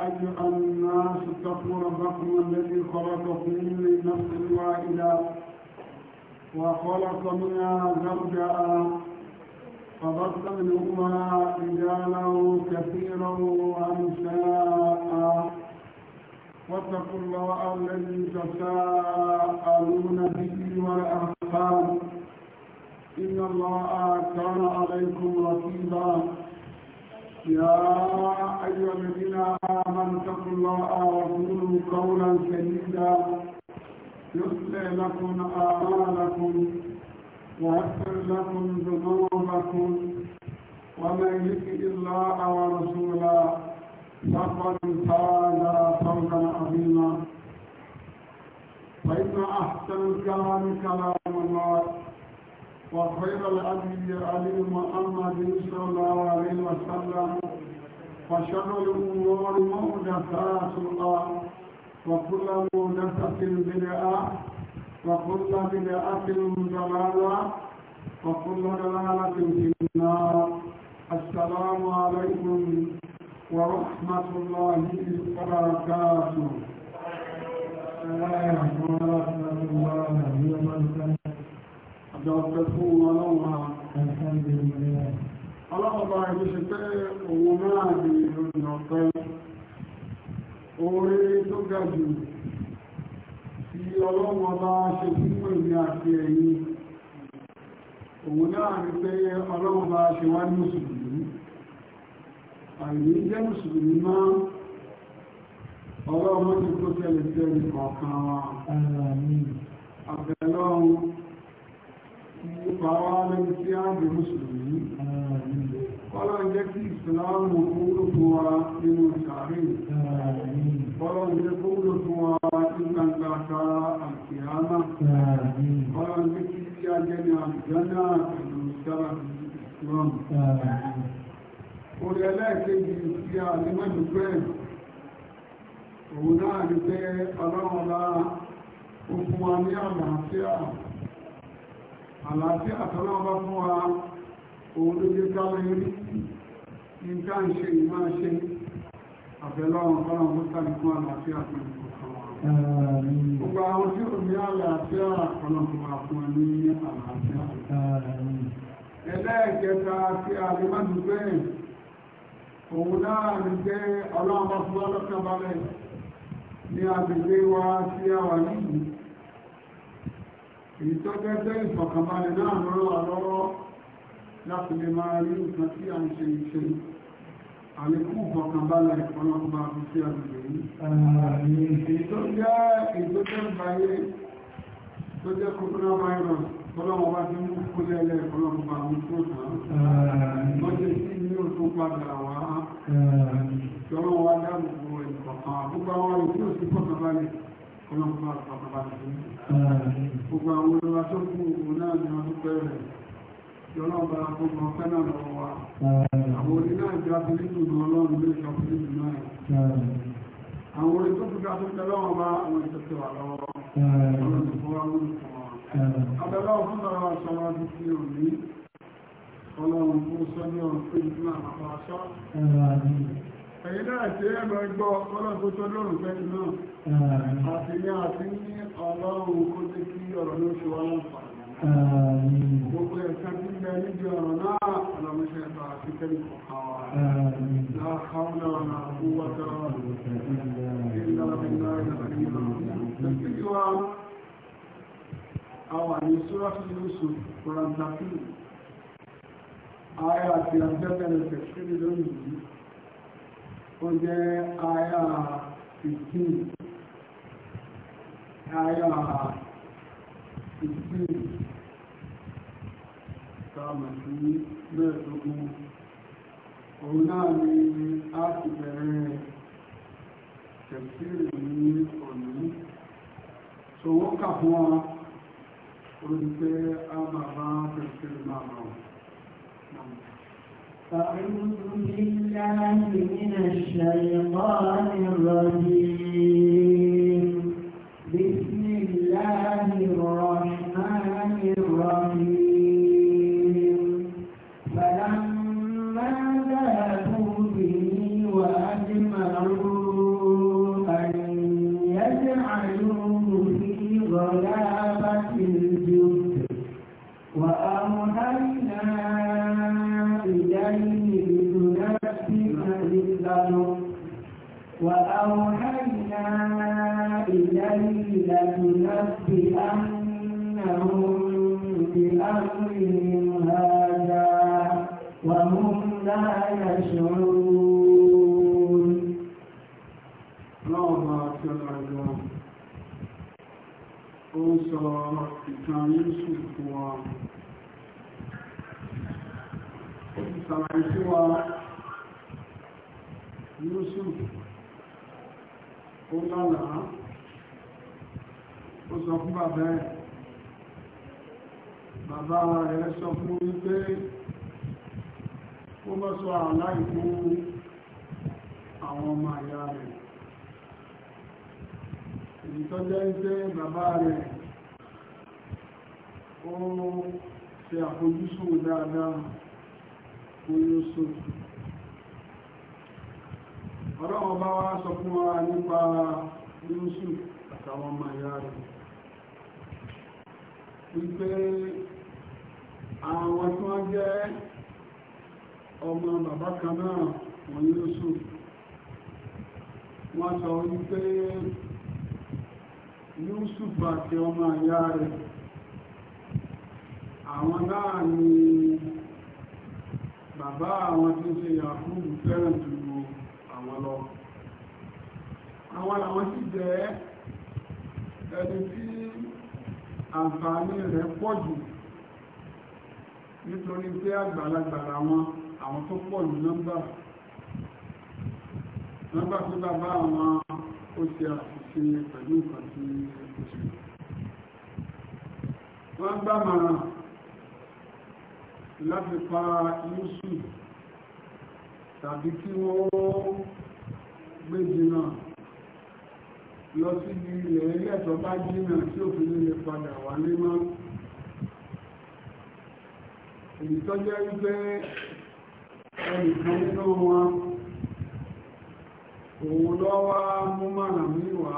أيها الناس اتقوا ربكم الذي خلقكم من نفس واحدة وخلق منها زوجها فبث منهما رجالا كثيرا ونساء واتقوا الله الذي تساءلون به والأرحام إن الله كان عليكم رقيبا يا أيها الذين آمنوا اتقوا الله وقولوا قولا سديدا يصلح لكم آمالكم ويغفر لكم ذنوبكم ومن يطع الله ورسوله فقد فاز فوزا عظيما فإن أحسن الكلام كلام الله وخير الأبي علي محمد صلى الله عليه وسلم وشر الأمور مهدفاتها وكل مهدفة بدعة وكل بدعة ضلالة وكل ضلالة في النار السلام عليكم ورحمة الله وبركاته. الله ورحمة الله وبركاته. dọ̀pẹ̀ fún ọlọ́run ọlọ́ọ̀bá ìgbésẹ̀ pé òun náà di ìròyìn ọ̀pẹ́ orí tó ga jù tí ọlọ́run ọba ṣe fún èmi àti ẹ̀yìn òun náà rí pé ọlọ́run ọba ṣe wá ní mùsùlùmí àìní jẹ́ mùsùlùmí máa ọlọ́run ti kó tẹ́lẹ̀ tẹ́lẹ̀ kọ̀ọ̀kan wa àbẹ̀lọ́run bàbá tí a bí mùsùlùmí kọ́lọ̀ jẹ́ kí ìsìláàmù kúrò fún wa nínú ìsàrí kọ́lọ̀ jẹ́ kúrò fún wa nínú àgbàta àkìyàmá kọ́lọ̀ jẹ́ kí tí a jẹ́ ní àjọ́nà pẹ̀lú sára islam orí ẹlẹ́ẹ̀kejì tí a ní mẹ́dùgbẹ́ òun náà ní pé ọlọ́run lá ó fún wa ní àlàáfíà àlàáfíà àtọ́lọ́wọ́ fún wa òun ló jẹ́ káwọn rí nígbà ń ṣe ìmá ṣe àbẹ̀lọ́wọ́n fọ́nà mú tàbí fún àlàáfíà fún gbogbo àwọn tí ò ní àlàáfíà ọlọ́pàá fún ẹni ní àlàáfíà ẹlẹ́ẹ̀kẹta tí a lè má dùn bẹ́ẹ̀ òun náà ní pé ọlọ́pàá fún ọlọ́pàá balẹ̀ ní agbègbè wa tí a èyí tó gẹ́gẹ́ ìfọ̀kànbalẹ̀ náà lọ́rọ̀ àlọ́rọ̀ láti lè máa rí nǹkan tí a ń ṣe ìṣe àlékún ìfọ̀kànbalẹ̀ ọlọ́gbà sí àgbègbè yìí èyí tó jẹ́ ìgbésẹ̀ ìgbàyé tó jẹ́ coronavirus ọlọ́wọ́ bá ti mú kúlẹ̀ ilẹ̀ ọlọ́gbà àwọn ọlọ́pàá àpapàá gbogbo àwọn olóra tó kú òun náà ni ọdún pẹ̀rẹ̀ ìjọlọ́ọ̀bá gbogbo ọ̀fẹ́ náà lọ́wọ́ wa àwọn orí náà jẹ́ abúlítù ní ọlọ́run fún sọ́jọ́ pé ìdúnà àpapọ̀ aṣọ́ ẹ̀yìn náà tí ẹ mọ̀ gbọ́ ọlọ́run tó tọ́jú ọ̀rùn fẹ́ náà àti ní àti ní ọlọ́run kó tí kí ọ̀rọ̀ ló ṣe wá lọ́pàá gbogbo ẹ̀ka tí ń bẹ níbi ọ̀rọ̀ náà ọlọ́mọṣẹ́ ẹ̀ka àti kẹ́lìkọ̀ àwọn àwọn àwọn àwọn wọ́tọ́ ó jẹ́ àyà 15 àyà 15 sáàmù sí mẹ́ẹ̀ẹ́dógún òun náà ni a ti bẹ̀rẹ̀ tẹ̀síìrì ní òní ṣòwò kà fún wa olùgbé a bàbá tẹ̀síìrì máa bọ̀ أعوذ بالله بسم الله الرحمن الرحيم بهم هذا وهم لا يشعرون اللهم صل على ó sọ ìtàn yéṣù fún wa ó ti sàlàyé sí wa yéṣù ó lálàá ó sọ fún bàbá ẹ̀ bàbá rẹ̀ sọ fún wípé ó mọ́ sọ aláìkú àwọn ọmọ àyà rẹ̀ èyí tó jẹ́ wípé bàbá rẹ̀ ó ṣe àfojúsùn dáadáa fún Yusuf ọlọ́wọ́ bá wá sọ fún wa nípa Yusuf àtàwọn ọmọ àyà rẹ̀ wípé àwọn tí wọ́n jẹ́ ọmọ bàbá kan náà wọ́n Yusuf wọ́n sọ wípé Yusuf àti ọmọ àyá rẹ̀ àwọn náà ni bàbá àwọn tí ṣe Yakubu fẹ́ràn jù àwọn lọ àwọn àwọn sì jẹ́ ẹni tí àǹfààní rẹ̀ pọ̀ jù nítorí pé àgbàlagbà àwọn àwọn tó pọ̀ ní nọ́mbà nọ́mbà tó bàbá àwọn ó ṣe àṣìṣe pẹ̀lú nǹkan tí wọ́n gbàmọ̀ràn láti pa yúsù tàbí kí wọ́n gbé jìnnà lọ sí ilẹ̀ ẹ̀rí ẹ̀tọ́ bá jìnnà tí òfin lè padà wálé mọ́ èyí tó jẹ́ wípé ẹnìkan nínú wọn òun lọ́wọ́ mú mọ̀nà míwá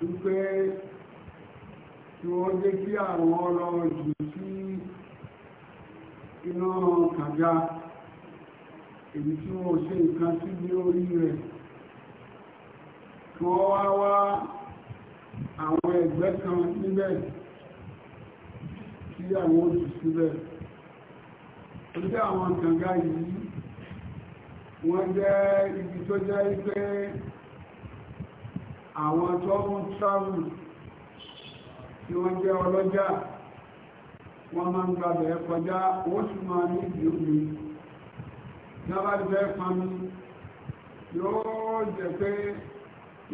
wípé tí wọ́n jẹ́ kí àwọn ọlọ́ jù sí iná kàjá èyí tí wọ́n ṣe nǹkan sí ní orí rẹ̀ kí wọ́n wá wá àwọn ẹgbẹ́ kan níbẹ̀ tí àwọn ó jù sílẹ̀ orílẹ̀ àwọn kànga yìí wọ́n jẹ́ ibi tó jẹ́ pé àwọn tó ń travel tí wọ́n jẹ́ ọlọ́jà wọ́n máa ń gbàbẹ̀ kọjá wọ́n sì máa ní ìdí omi lábàbẹ̀ pami yóò jẹ́ pé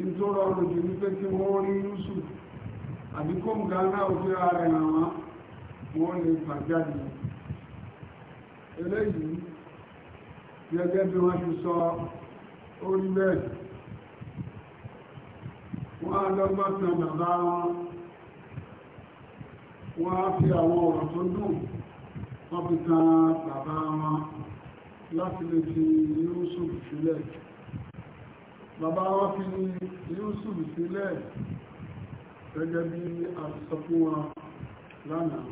ìtòrọrùn jù ní pé kí wọ́n rí yúsù àbíkó ń ga náà ó fi ara rẹ̀ wọ́n lè gbà jáde eléyìí gẹ́gẹ́ bí wọ́n ti sọ orí bẹ́ẹ̀ wọ́n á lọ́gbọ́n tán bàbá wọn wọ́n á fi àwọn ọ̀rọ̀ tó dùn wọ́n fi tan bàbá wọn láti lè fi Yusuf sílẹ̀ bàbá wọn fi Yusuf sílẹ̀ gẹ́gẹ́ bí a fún wọn lánàá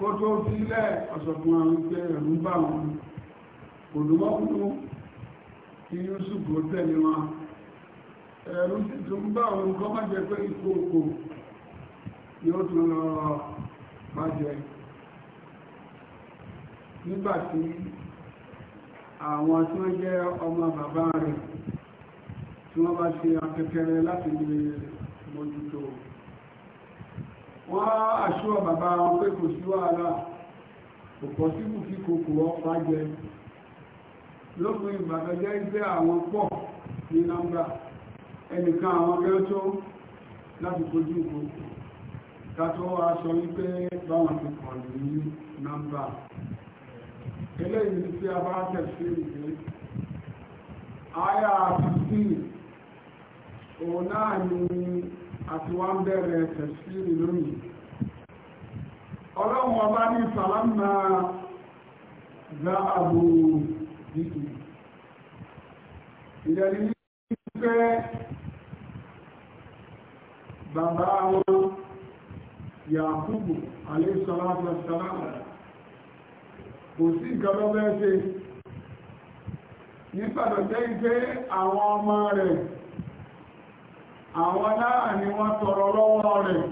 kó tó sílẹ̀ ọ̀sọ̀fún àwọn ìgbẹ́ ẹ̀rù bá wọn olùmọ́kúnú kí Yusuf ó tẹ̀lé wọn ẹ̀rù sì tún bá wọn kọ́ má jẹ́ pé ìkókò ni ó tún lọ má jẹ́ nígbàtí àwọn tí wọ́n jẹ́ ọmọ bàbá rẹ̀ tí wọ́n bá ṣe akẹ́kẹ́rẹ́ láti lè mójútó wọ́n àṣọ bàbá wọn pé kò sí wàhálà kò pọ̀ sí kù kí kòkò ọ̀pá jẹ lópin ìgbàgbọ́ jẹ́ iṣẹ́ àwọn pọ̀ ní nọ́mbà ẹnìkan àwọn akẹ́rẹ́ tó láti kojú ìkòkò kátó wá wípé báwọn ti pọ̀ ní nọ́mbà eléyìí tí a bá tẹ̀sí ìgbé àyà 15 òun náà ni àti wọ́n bẹ̀rẹ̀ tẹ̀síìrì lónìí ọlọ́run ọba ní sàlámà za àbò dìkì ìdẹ̀lì ní pé bàbá wọn Yakubu alayhi salatu wassalam kò sí ìgbàlọ́bẹ̀ẹ́sẹ̀ nípàdọ̀ jẹ́ ìgbé àwọn ọmọ rẹ̀ àwọn náà ni wọ́n tọrọ lọ́wọ́ rẹ̀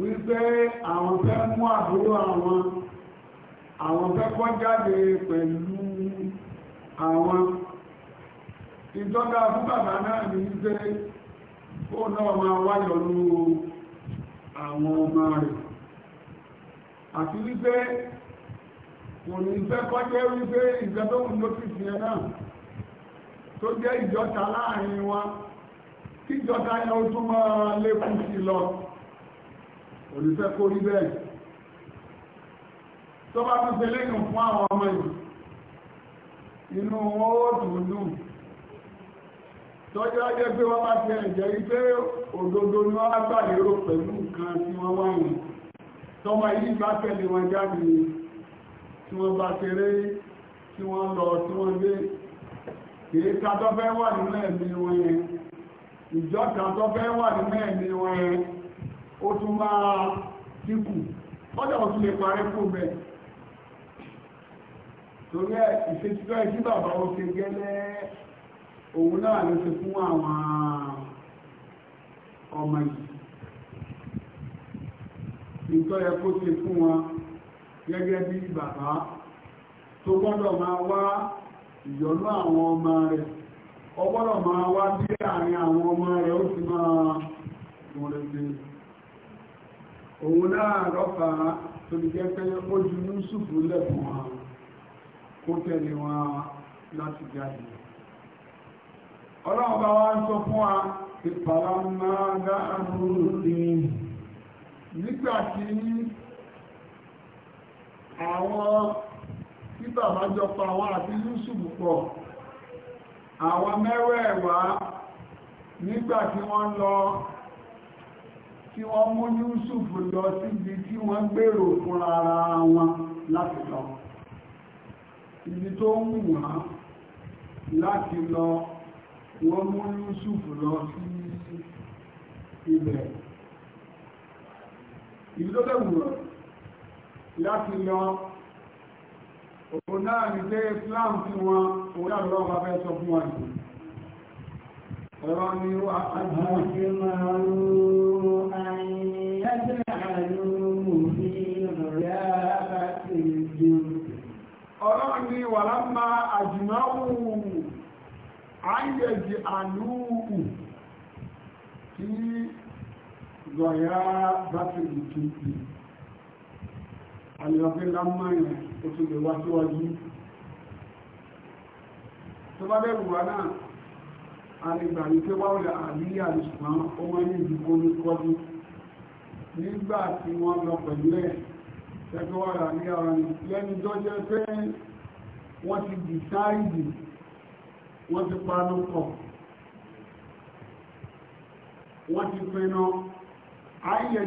wípé àwọn fẹ́ mú àbúrò àwọn àwọn fẹ́ kọ́ jáde pẹ̀lú àwọn ìjọba fún bàbá náà ní wípé ó náà máa wáyọ̀ lú àwọn ọmọ rẹ̀ àti wípé kò ní fẹ́ kọ́ jẹ́ wípé ìjọba òun ló ti fi ẹ̀ náà tó jẹ́ ìjọta láàrin wọn kíjọba ẹ ó tún máa lékún sí lọ olùfẹ́ kó rí bẹ́ẹ̀ tó bá tún ṣe lẹ́yìn fún àwọn ọmọ yìí inú wọn ó dùn dùn tọ́jú ajẹ́ pé wọ́n bá ti ẹ̀jẹ̀ rí pé òdodo ni wọ́n gbà lérò pẹ̀lú nǹkan tí wọ́n wáyé tọ́mọ yìí bá tẹ̀lé wọn jáde tí wọ́n bá kéré tí wọ́n lọ tí wọ́n dé kìí ká tọ́fẹ́ wà nínú ẹ̀mí wọn yẹn ìjọ kan tó fẹ́ wà ní mẹ́ẹ̀ni wọn yẹn ó tún máa dínkù ọjọ́ òtún lè parí fún bẹ́ẹ̀ torí ẹ̀ ìfẹ́síkọ́ ẹ̀jí bàbá ó ṣe gẹ́lẹ́ òun náà ló ṣe fún àwọn ọmọ yìí nǹkan yẹ kó ṣe fún wọn gẹ́gẹ́ bí bàbá tó gbọ́dọ̀ máa wá ìyọ́nú àwọn ọmọ rẹ̀ ọgbọ́dọ̀ máa wá sí àárín àwọn ọmọ rẹ̀ ó sì máa mọ̀rẹ̀dẹ̀ òun náà lọ́fà tó ti ní ju wọn kó tẹ̀lé wọn láti jáde ọlọ́run sọ fún wa máa nígbà tí àwọn tí bàbá jọ pa àwọn àti pọ̀ àwọn mẹ́wẹ̀ẹ̀wá nígbà tí wọ́n lọ tí wọ́n mú Yusuf lọ síbi tí wọ́n gbèrò fún ara wọn láti lọ ibi tó ń mú wá láti lọ wọ́n mú Yusuf lọ sí ibẹ̀ ibi tó tẹ̀wùrọ̀ láti lọ òun náà ní pé Islam tí wọn òun náà lọ́wọ́ bá fẹ́ sọ fún wọn yìí ọ̀rọ̀ ni ó àkàndùn sí máa ń rú àìyájẹ́ àìyúrú sí ìrọ̀lẹ́ ọ̀rọ̀ ni zọ̀yá bá ti ìtúkù àlèyànfẹ́ lámọ́rin ó tún lè wá síwájú tó bá bẹ̀rù wá náà a lè gbà ní pé wáwọ̀lẹ̀ àríyà ṣùgbọ́n ó wọ́n ní ìdíkó ní kọ́dún nígbà tí wọ́n lọ pẹ̀lú ẹ̀ tẹ́tọ́ wọ́n ti dìsáìdì wọ́n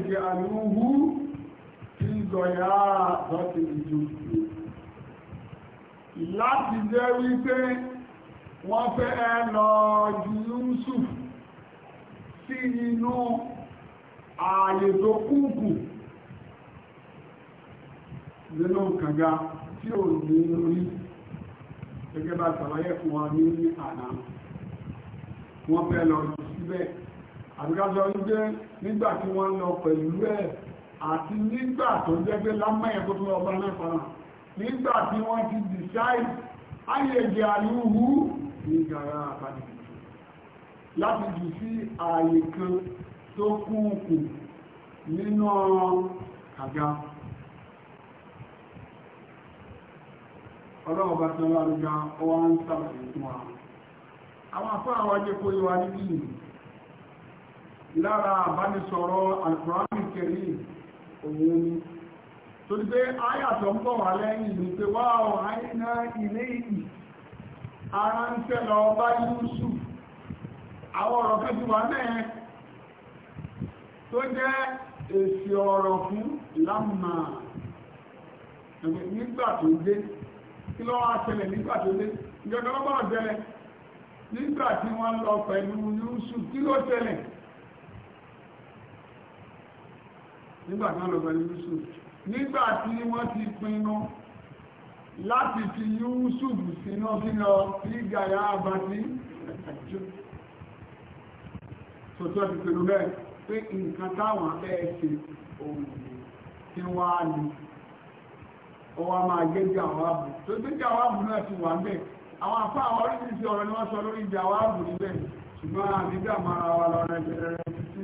ti àlúhú ضياء ذات الجزء láti jẹ́ wípé wọ́n fẹ́ lọ ju Yusuf sí inú ààyè tó kúùkù nínú kànga tí ò ní orí gẹ́gẹ́ bá ṣàlàyé fún wa ní àná wọ́n fẹ́ lọ síbẹ̀ àbíkájọ́ wípé nígbà tí wọ́n lọ pẹ̀lú ẹ̀ àti nígbà tó jẹ́ pé lámẹ́yẹ tó tún ọba náà fara nígbà tí wọ́n ti decide ayẹyẹ àlúhú ní gàrá àpàdé láti jù sí ààyè kan tó kún kù nínú àga ọlọ́ọ̀bá tí wọ́n lárúgá ọwá ń sàbàrí fún wa àwọn afọ́ àwọn ajẹ́kó yíwa níbi lára àbánisọ̀rọ̀ Al-Qur'an òun ni tó ti pé ayàtọ̀ ń bọ̀ wà lẹ́yìn ní pé wá ọ̀ àìná ilé ìlú ara ń tẹ́ lọ bá yúúsù àwọn ọ̀rọ̀ kẹjù wà náà tó jẹ́ èsì ọ̀rọ̀ fún lámà nígbà tó dé kí lọ́wọ́ àṣẹlẹ̀ nígbà tó dé ìjọba ọgbọ̀n jẹlẹ̀ nígbà tí wọ́n lọ pẹ̀lú yúúsù kí ló ṣẹlẹ̀ nígbà tí wọ́n lọ pẹ̀lú Yusuf nígbà tí wọ́n ti pinnu láti fi Yusuf sínú sínú ìgbàyà àbátí àjò tó tó ti pinnu bẹ́ẹ̀ pé nǹkan táwọn bẹ́ẹ̀ ṣe òun tí wọ́n á lè ọwọ́ a máa gé jàwáàbù tó gbé jàwáàbù náà ti wà bẹ́ẹ̀ àwọn afá àwọn oríṣiríṣi ọ̀rọ̀ ni wọ́n sọ lórí jàwáàbù níbẹ̀ ṣùgbọ́n àdídà máa wà lọ́rẹ̀ bẹ̀rẹ̀ títí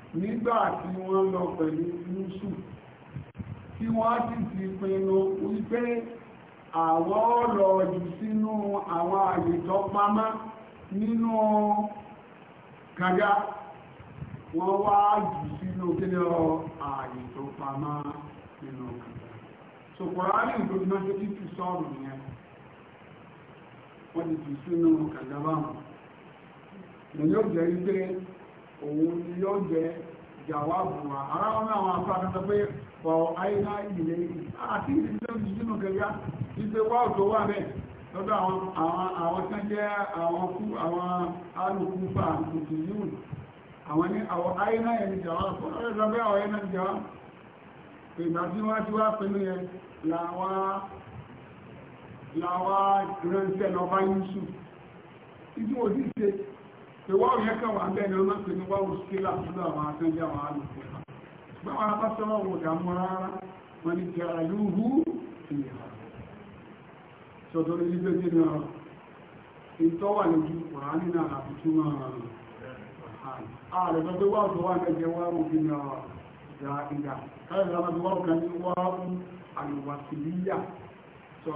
nígbà tí wọ́n lọ pẹ̀lú yúsù tí wọ́n sì ti pinnu wípé àwọn ọ̀rọ̀ jù sínú àwọn àyè tó pamọ́ nínú kàga wọ́n wá jù sínú kíni ọ àyè nínú kàga so kòránì ìgbòmínà tó ti fi sọ́ọ̀rù yẹn wọ́n ti jù sínú kàga báwọn òun ni yóò jẹ́ jàwáàbù wa ara wọn náà wọn afá kẹta pé wà àìlá ìlẹ̀ àti ìdílé ah, ìdílé kẹta ìgbé wà òtò wà bẹ́ẹ̀ lọ́dọ̀ àwọn tán jẹ́ àwọn kú àwọn alùpùpù fà tuntun yìí àwọn ní àwọn àìlá ẹni jàwáàbù ọ̀rẹ́ ìdọ́gbẹ́ àwọn ẹni jàwáàbù ìgbà tí ti wá yẹn làwọn ìdí ṣe pé wọ́n yẹ kàn wà bẹ́ẹ̀ ni wọ́n máa ń pè ní wọ́n sílà lọ́dọ̀ àwọn akẹ́jẹ́ àwọn alùpùpù ṣùgbọ́n àwọn apásọ́wọ́ wò dàmú rárá wọ́n ni jẹ́ àlúhù ìyà ṣọ̀tọ̀ ní ilé ní ọ̀rọ̀ ìtọ́wà lójú wàhálì náà àbùtú máa ààrẹ tó pé wọ́n tó wà kẹjẹ wá rò bí ní ọ̀rọ̀ ìdá ìdá káyọ̀ lára bí wọ́n kan ní wọ́n àlùwàsílíyà sọ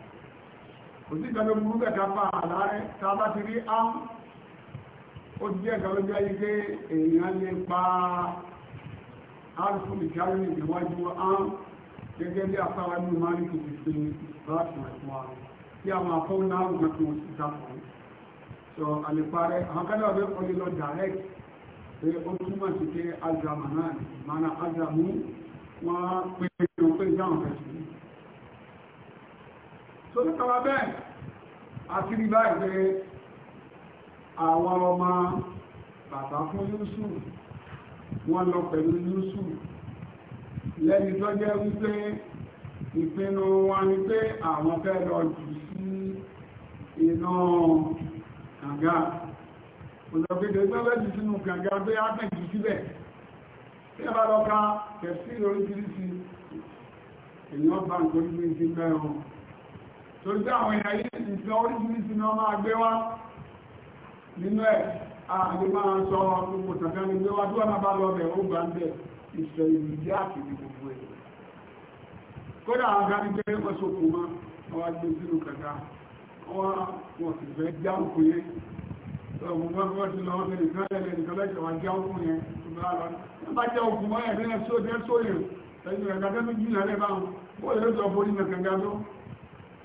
kò sí ìgbàgbé burú bẹ̀ka pa àlárẹ́ tá a bá ti rí áhùn ó ti jẹ́ ìgbàgbé bí ayé pé èèyàn lè pa áàrùfù ìjáwé ìwájú áhùn gẹ́gẹ́ bí afárá ní ìmárì kò ti ṣe láti ẹ̀fún wa kí àwọn afọ́wọ́ náà ń gbàgbé wọn síta fún sọ àlèparẹ́ àwọn kádà wà bẹ́ẹ̀ kọ́lé lọ direct pé ó túmọ̀ sí pé azamana mana azamu wọn pé ó pé dáhùn fẹ́ sí tó ní kọwa bẹ́ẹ̀ àti rí báyìí pé àwọn ọmọ bàbá fún Yusuf wọ́n lọ pẹ̀lú Yusuf lẹ́ni tó jẹ́ wípé ìpinnu wa ni pé àwọn fẹ́ lọ jù sí iná kànga òṣèpédè gbẹ́gbẹ́ jù sínú kànga bí a fẹ́ jù síbẹ̀ tí a bá lọ ka kẹ̀sí oríṣiríṣi èèyàn bá nǹkan ní ti mẹ́rùn-ún torí pé àwọn ìyàyé ìfẹ́ oríṣiríṣi náà máa gbé wá nínú ẹ̀ àti máa sọ gbogbo tàbí ní gbé wá tí wọ́n bá lọ bẹ̀ ó gbà ń bẹ̀ ìfẹ́ ìlú jẹ́ àkìdí gbogbo ẹ̀ kódà àwọn kan gbé ọ̀ṣọ́kù mọ́ àwọn agbé sínú kàkà wọ́n wọ́n sì fẹ́ jáwùkú yẹn ọmọ gbọ́gbọ́ ti lọ ọmọ ìkan lẹ́lẹ́ nìkan lẹ́jọ́ wá jáwùkú yẹn tó bá lọ nípa jáwùkú mọ́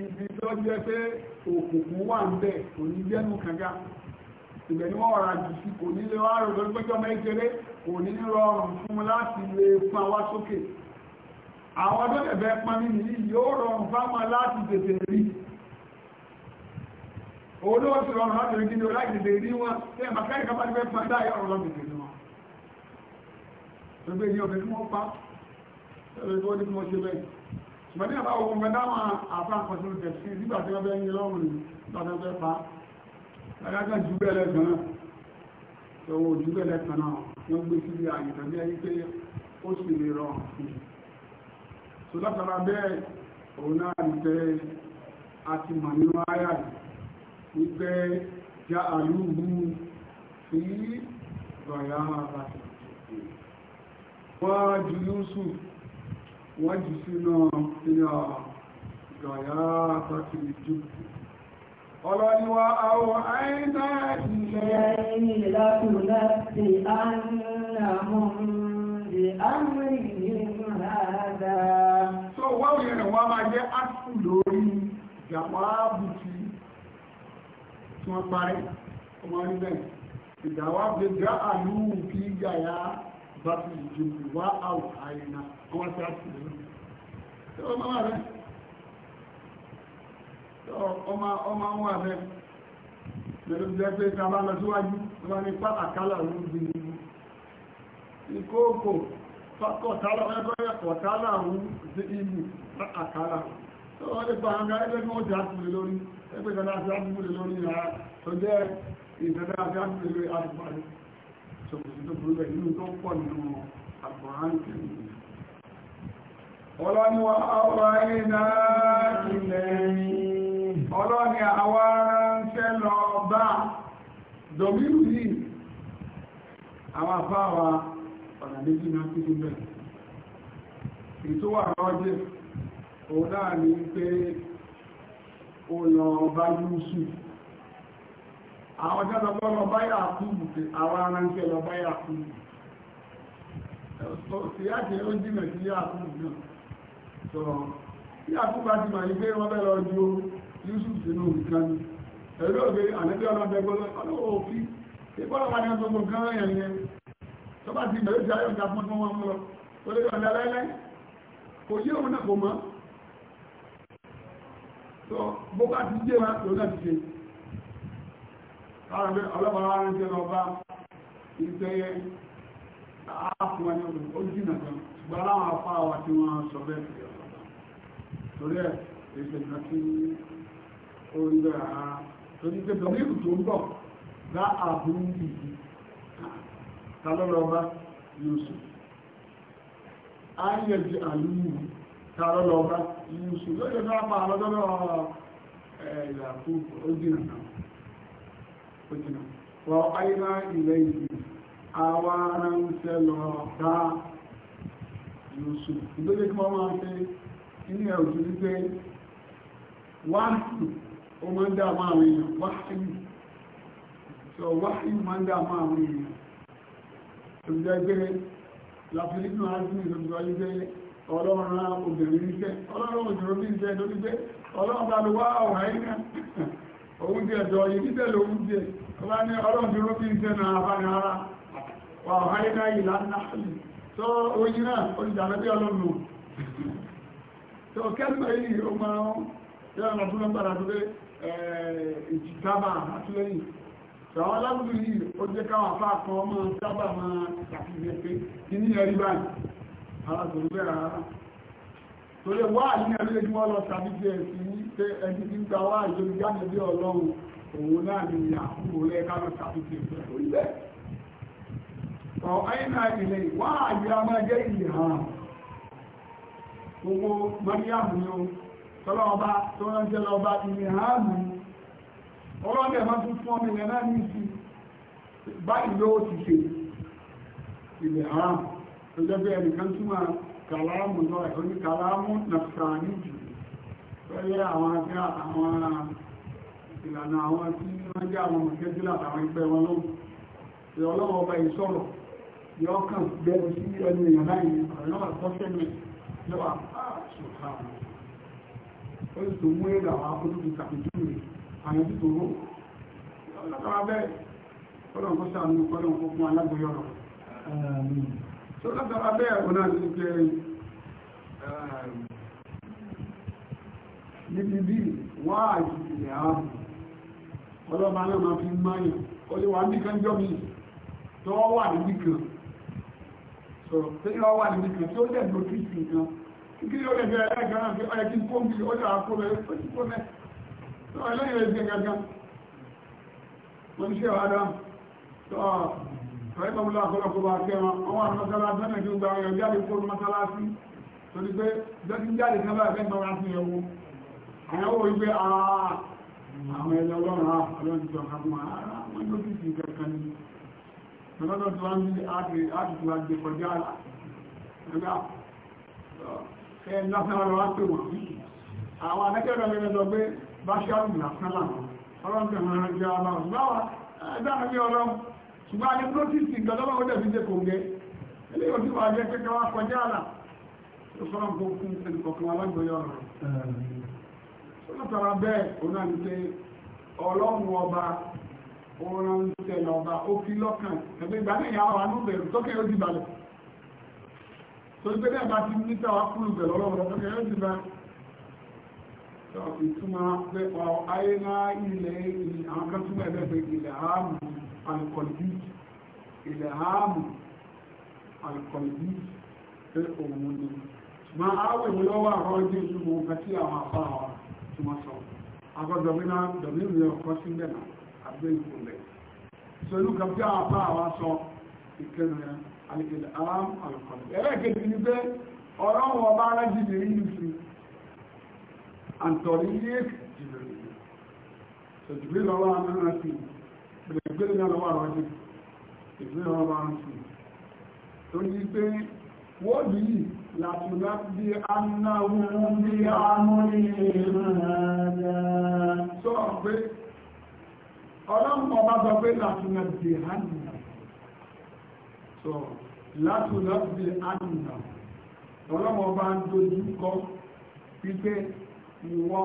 ibi tó jẹ́ pé òkùnkùn wà ń bẹ̀ kò ní jẹ́nu kànga ìbẹ̀ ni wọ́n rà jù sí kò ní lè wá rò lórí pẹ́jọ́ mẹ́jẹrẹ kò ní rọrùn fún láti lè pọn wá sókè àwọn tó tẹ̀fẹ́ pọn ní nìyí yóò rọrùn fáwọn láti tètè rí owó ló sì rọrùn láti rí kíni láti tètè rí wọn tẹ́ màkàrí kápá ti fẹ́ pọn dá yọrùn lọ tètè rí wọn ṣùgbọ́n àbá ogun fẹ́ dáwọn àfáàkọ̀ sí tẹ̀sí nígbà tí wọ́n bẹ́ ń lọ́rùn lọ́dọ́gbẹ́ pa lágbàgbà jù bẹ́ẹ̀lẹ̀ kan náà tó wọ́n jù bẹ́ẹ̀lẹ̀ kan náà wọ́n gbé sí ibi àyíká ní ayé pé ó sì lè rọ so látara bẹ́ẹ̀ òun náà ní pé a ti mọ̀ nínú ayà ní pé já àlúhù sí rọ̀yà àbàtì wọ́n jù sínú sínú gàyà tọ́kì jù ọlọ́niwá àwọ̀ àìdá ilẹ̀ ìlàkùnlá ti ánàmùn di ámìrìn rádá so wọ́n yẹn wọ́n máa jẹ́ ápù lórí ìjàwábù tí wọ́n parí ọmọ orílẹ̀ ìjàwábù jẹ́ àlú kí gàyà bá fi ìjòkó wá àwọ̀ àìyàn àwọn tí a ti lè rí tí ọmọ wà rẹ̀ ọmọ wà rẹ̀ pẹ̀lú jẹ́ pé ta bá lọ síwájú tó bá ní pàtàkálà ló ń gbìn ìkóòkò kọ̀tálà ń sí ìlú pàtàkálà tó wọ́n lè pa àwọn ẹgbẹ́ mọ́ ti àtìlè lórí ẹgbẹ́ ìgbẹ́ Ọlọ́niwà ọ̀rọ̀ ìrìnà ilẹ̀ ọlọ́ni àwọn aránṣẹ́ lọ bá WD àwọn afáwà ọ̀nà méjì náà tí ó bẹ̀rẹ̀. Ètò wà rọ́jẹ́, òun náà ní pé ó lọ bá Yúsùfù àwọn tí wọ́n lọ báyà kúrù pé àwọn aráńkẹ́ lọ báyà kúrù sí àti ó jìnà sí yàkúrù náà sọ sí àkúrù bá ti mà ní pé wọ́n bẹ́ lọ ju Yusuf sínú nǹkan ni ẹ̀rọ ògbé ànẹ́bí ọlọ́dẹ́gbọ́lọ́ ọlọ́wọ́ òfin ìgbọ́lọ́ wà ní ọdún nǹkan rẹ̀ yẹn tó bá ti bẹ̀rẹ̀ sí ayọ̀ ìjà fún ọmọ wọn lọ ó lè ọ̀dà láíláí kò yé òun náà kò mọ́ bó bá ti jẹ́ wa lòun náà ti ṣe ọlọ́pàá wá ránṣẹ́ lọ bá ìtẹ́yẹ àáfùwà ní ọdún ojúnà kan ṣùgbọ́n aláwọn afá wa tí wọ́n sọ bẹ́ẹ̀ sí ọ̀pàá torí ẹ̀ èsè ìgbà tí ó ń bẹ̀rẹ̀ ara torí pé dọ̀míìkù tó ń bọ̀ dá àbúrú ìdí ta lọ́lọ́ bá Yusuf ayẹ̀jì àlúmù ta lọ́lọ́ bá Yusuf lóye náà pa àlọ́dọ́lọ́ ẹ̀yà fún ojúnà náà fìtìnà wà áìlá ilẹ̀ ìlú àwa ara ń fẹ́ lọ bá Yusuf ìdójẹ́ kí wọ́n máa ń fẹ́ inú ẹ̀ òjú wípé wáàsù ó máa ń dá àwọn àwọn èèyàn wáàsù sọ wáàsù máa ń dá àwọn àwọn èèyàn tó jẹ́ pé láfíìlìpínà ájúmì tó jọ wípé ọlọ́run obìnrin níṣẹ́ ọlọ́run òjòrò bí níṣẹ́ lórí pé ọlọ́run bá lọ wá ọ̀rẹ́ òun jẹ́ ẹ̀dọ̀ yìí tẹ́lẹ̀ òun jẹ́ ọba ní ọlọ́run ti rọ́kí ń tẹ́nà àbáni ara wà ọ̀háyé náà yìí lánàá tó oyin náà olùdàmẹ́ bí ọlọ́run tó kẹ́lùmọ̀ yìí ó máa ń yọ́nà tó lọ́gbàrà tó lé ìjìkábà àtúlẹ́yìn àwọn alábùdó yìí ó jẹ́ káwọn afá kan ọmọ sábà máa ṣàfihàn pé kí ní ẹrí báyìí alábùdó bẹ́ẹ̀ rárá torí wáàlì ní ẹgbẹ́ ìjúmọ́ lọ tàbí bí ẹ̀sì ní pé ẹni tí ń gba wáàlì tó jáde bí ọlọ́run òun náà ni àkúrò lẹ́ẹ̀ká lọ tàbí bí ẹ̀sì orí bẹ́ẹ̀. ọ̀ ẹ́nà ilẹ̀ wáàlì a máa jẹ́ ìhàn gbogbo mọ́níyàmù ni ó tọ́lọ́ọba tó ránṣẹ́ lọ́ba ìhàmù ọlọ́dẹ máa tún fún ọmọ ilẹ̀ náà ní ìsìn báyìí ló ti ṣe ìlẹ̀ àrùn tó jẹ́ bí ẹnìkan túmọ̀ kàlámù náà ẹ̀kọ́ ní kàlámù nàfààní jù lọ́yẹ́ àwọn ajá àwọn ìlànà àwọn tí wọ́n jẹ́ àwọn mọ̀kẹ́jìlá àtàwọn ìpẹ́ wọn lóhùn tí ọlọ́wọ́ ọba ìṣọ́rọ̀ yọ kàn bẹ̀rù sí ẹnu èèyàn láìní ọ̀rẹ́ náà tọ́ṣẹ́ mi lọ́wọ́ àṣùkà ó sì tó mú èrè àwọn akótóbi kàpìtúrì àwọn tí tó rò tó látara bẹ́ẹ̀ òun náà ti jẹ́ ehm, níbi bí wọ́n àti ilẹ̀ ààbò ọlọ́ba náà máa fi máyàn ó lè wà nìkan jọ́ mi tó wà nìkan tó wà nìkan tó dẹ̀ lókè sí nǹkan ìgbìyànjú ó lè bẹ̀rẹ̀ ẹ̀ẹ́gbẹ̀rẹ̀ náà fi ọ̀yẹ́ kí n kó mi ó lè àkóbẹ̀ ó ti kó mẹ́ tó ẹlẹ́yìn rẹ̀ gbẹ̀gàgà wọ́n ṣe wà dáa sọ̀rọ̀ ìlú àkọlọ́kọ́ bá kẹ́ wọn wọ́n wà ní mọ́sálásí lọ́nà ìlú gba ọ̀yọ̀ jáde kó ní mọ́sálásí torí pé jẹ́sí jáde kan bá ẹ̀fẹ́ tọ́ra sí ẹwọ́ àwọn owó wípé ara àwọn ẹ̀lẹ́ ọlọ́run á ah, ọlọ́run ti ọ̀ka fún wa ah, wọ́n tó sì sì kankan ní lọ́dọ̀ tó wá ń bí àtìtì wa gbé kọjá ẹgbẹ́ ẹ̀ lásán lọ wá pè wọ́n àwọn akẹ́kọ̀ọ́ mẹ́rin sọ pé bá ṣáàrùn lásán làwọn ọlọ́run tẹ̀wọ̀n ẹgbẹ́ ọlọ́run ṣùgbọ́n a ní protest nǹkan lọ́wọ́ ó dẹ̀bí jẹ́ kò gẹ́ eléyìí ojú wa jẹ́ pé ká wá kọjá àlà tó sọ́nà tó fún ẹnìkọ̀kan alágbèyọ rẹ̀ sọ́nà tara bẹ́ẹ̀ òun náà ní ọlọ́run ọba òun ọba ó lọ́kàn ẹgbẹ́ ìgbà náà yàrá wa núbẹ̀rù tókè ó dìbàlẹ̀ tó gbé náà bá ti ní tàwa kúrú bẹ̀rù ọlọ́run tókè ó dìbàlẹ̀ alkọ̀lbí ìlàámù alkọ̀lbí pé òun ni ma áwẹ̀ mi lọ́wọ́ àwọn ọdún ìṣúgbọ́n nǹkan tí àwọn afá wa tí wọ́n sọ àwọn dọ̀mínà dọ̀mínà rẹ̀ ọkọ̀ sí mẹ́nà àgbé ìkò rẹ̀ so inú kan tí àwọn afá wa sọ ìkẹnu rẹ̀ alìkẹ̀lẹ̀ám alkọ̀lbí ẹlẹ́kẹ̀ẹ́ ni pé ọ̀rọ̀ wọn bá rẹ́ jìnnà yìí fi àǹtọ̀rí yé jìnnà yìí so jùlọ lọ́wọ́ àwọn ọ̀rọ̀ ìgbẹ́gbẹ́ náà wà rántí ìgbẹ́ náà wà rántí tó ní pé wọ́ọ̀dù yìí láti láti anáwọ̀n ní àmúrí sọ pé ọlọ́pọ̀ bá sọ pé láti láti hànà sọ láti láti hànà ọlọ́pọ̀ bá ń dojú kọ pípẹ́ ìwọ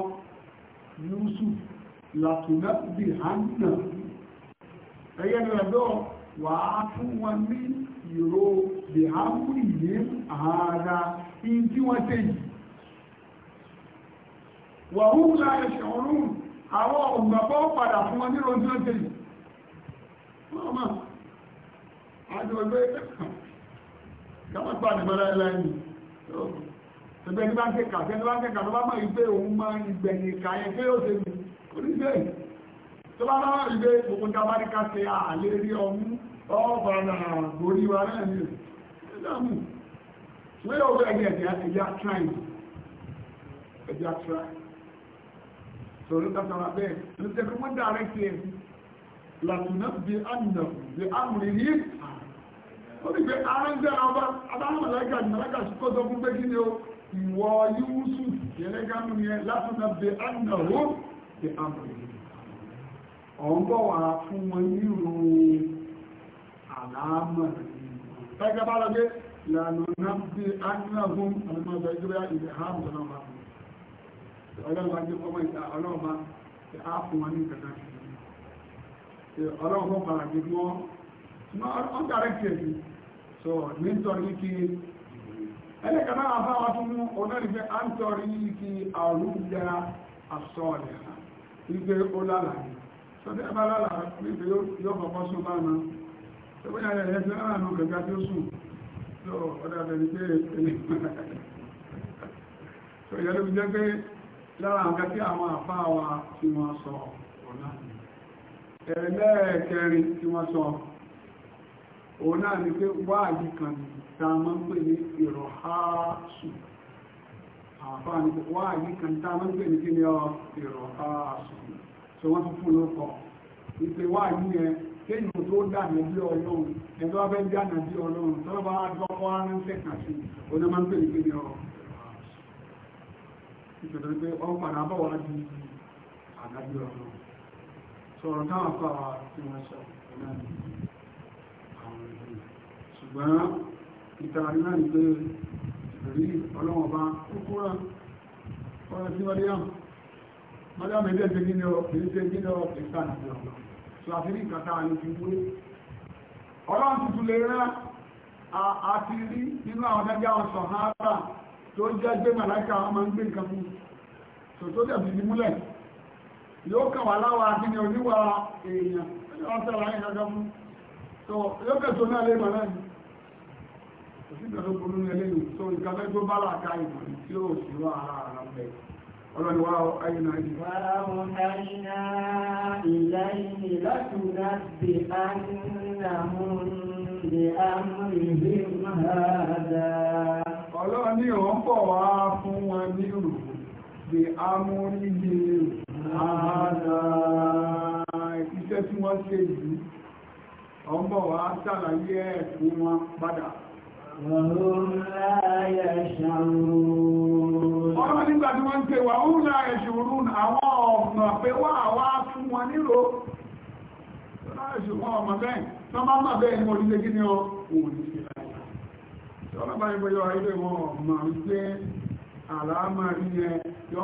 Yusuf láti láti hànà ẹ̀yẹ́ ni ẹ̀dọ́ wà á fún wọn ní ìró bìhámù ìyé ààrà in tí wọ́n tẹ̀ yìí wà ó ń la ẹ̀ṣẹ̀ ọ̀rún àwọn ọ̀gbàgbọ́ padà fún wọn nílò tí wọ́n tẹ̀ yìí wọ́n mọ̀ àjọ ẹgbẹ́ kàwọn gbàdì mọ́lá ẹlẹ́yìn ẹgbẹ́ ní bá ń kẹ́kà tẹ́lẹ́ bá ń kẹ́kà tó bá mọ̀ ìgbé òun máa ń gbẹ̀yìn kàyẹ pé ó tó bá bá rí pé gbogbo jamaica ṣe ààlé rí ọmú ọba náà gorí wa náà ní ìlàmù tí ó wẹ́ ní ẹ̀dẹ̀ ẹ̀yà trying ẹ̀yà trying so ló tàbí bẹ́ẹ̀ ló tẹ́kọ́ mọ́ dáre sí ẹ̀ làtúnà bí àmì bí àmì rí ó ní pé aránjẹ́ abáhàmàlágà ìmọ̀lágà síkọ́ tó fún pé kí ni ó ìwọ̀ yíwúsù yẹlẹ́gánú yẹn látúnà bí àmì rí ọ̀gbọ́ wà fún wọn nírò àlàámọ̀ tẹ́gẹ́ bá lọ gbé lànà náà bí ánìyàgún alẹ́mọ́sọ ìgbéyà ìdè hàmù ọlọ́ọ̀bá ọlọ́ọ̀bá jẹ́ ọmọ ti á fún wọn ní ìkẹta ọlọ́ọ̀bá padà gbé wọn wọ́n dàrẹ́ tiẹ̀ sí so nítorí kí ẹlẹ́kàtà àbáwá tún mú ọlọ́ọ̀bá á ń tọrí kí àrùn jẹ́ àsọ̀ọ̀lẹ̀ ìgbé tọ́bí ẹbá lálà wípé yóò kọ̀kọ́ sún bá ma tó bí ẹ̀rẹ̀ ẹ̀ẹ́sì láàánú gẹ̀gá tí ó sùn tó ọ̀dá bẹ̀rẹ̀ pé ẹni tó ìyẹ́ ló fi jẹ́ pé lára nǹkan tí àwọn àfá wa tí wọ́n sọ ọ̀nà ẹ̀lẹ́ẹ̀kẹrin tí wọ́n sọ òun náà ni pé wáàdí kan tá máa ń pè ní ìrọ̀háásù àfáà ni wáàdí kan tá máa ń pè ní kí ni ọ ìrọ̀háásù so wọ́n tún fún lóko ìpè wá yí yẹn kéyìn tó dànù bí ọlọ́run ẹgbẹ́ wọn fẹ́ dànù bí ọlọ́run tọ́lọ́ bá dọ́kọ́ aránṣẹ́ kà sí oní máa ń pè ní kéde ọ̀rọ̀ ìpètò pé padà bọ̀ wá di àdájọ́ ọlọ́run sọ̀rọ̀ táwọn fà wá tí wọ́n sọ náà ní àwọn ìlú ṣùgbọ́n ìtara náà ní pé ìrírí ọlọ́run ọba kúkúrà ọ̀rọ̀ tí wọ́n dé mọ́lọ́mọ̀ ilé ẹgbẹ́ nínú ìrìnṣẹ́ nínú ìsàn so àfihàn ìkàtà àyè ti wé ọlọ́run tuntun lè rán àti rí nínú àwọn ọ̀dájá ọ̀sán hàrá tó jẹ́ gbé màláìka àwọn máa ń gbé nǹkan fún so tó dẹ̀ fi múlẹ̀ yóò kàn wá láwa kí ni oníwà èèyàn wọ́n sára ayé kankan fún so yóò ní ẹlẹ́yìn so ìkàfẹ́ tó bá làkà ìmọ̀ tí ó sì rọ ara rẹ̀ ọlọ́ni wá ayìnà ìdí. wà á mọ̀ ayìnà ìlà ìdí láti láti àìnàmùn ní àmìrí mọ́hàdá. ọlọ́ni ò ń bọ̀ wá fún wọn ní ìrù bí amúrí ní àádá iṣẹ́ tí wọ́n ṣe yìí ọ̀ ń bọ̀ wá ṣàlàyé ẹ̀ wọn padà. Ọlọ́run nígbà tí wọ́n ń pè wà òun láàrẹ ṣòro àwọn ọ̀nà pé wà wá fún wọn nílò. Ṣọ́nà ọmọ bẹ́ẹ̀, tọ́mọ́ mọ̀ bẹ́ẹ̀ ni mo rí lé gíní ọ, òun ní sí láyé. Ṣọ́nà bá ní bóyá ilé wọn ọmọ wípé àlàámà rí ẹ yọ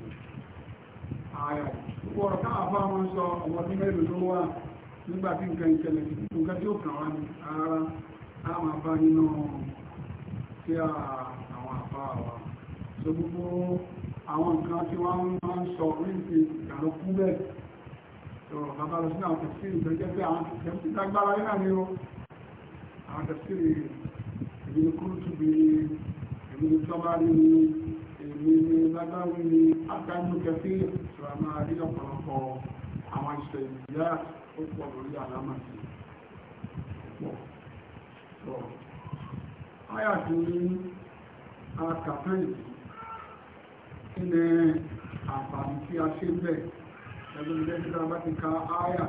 ààyà ọ̀rọ̀ káà fà wọn sọ ọmọ tí mẹ́rin ló wà nígbà tí nǹkan ìṣẹ̀lẹ̀ nǹkan tí ó kàn wá a máa bá nínú tí àwọn àbá wa so gbogbo àwọn nǹkan tí wọ́n máa ń sọ oríṣi ìdàlókú bẹ́ẹ̀ sọ̀rọ̀ bàbá lọ sínú àwọn tẹ̀síìrì tó jẹ́ pé àwọn tẹ̀síìrì ti dágbára nínú àmì o àwọn tẹ̀síìrì èmi kúrútù bí èmi ni tọ́ba ní ní lágbàwí ni akánú kẹfí ìṣòro máa rí ọ̀pọ̀lọpọ̀ àwọn ìṣẹ̀ ìyá ó pọ̀ lórí àlámà sí pọ̀ àyà tí akàfẹ́ yìí ní àǹfààní tí a ṣe bẹ́ẹ̀ ẹgbẹ́ ìdẹ́gbẹ́ta bá ti ka àyà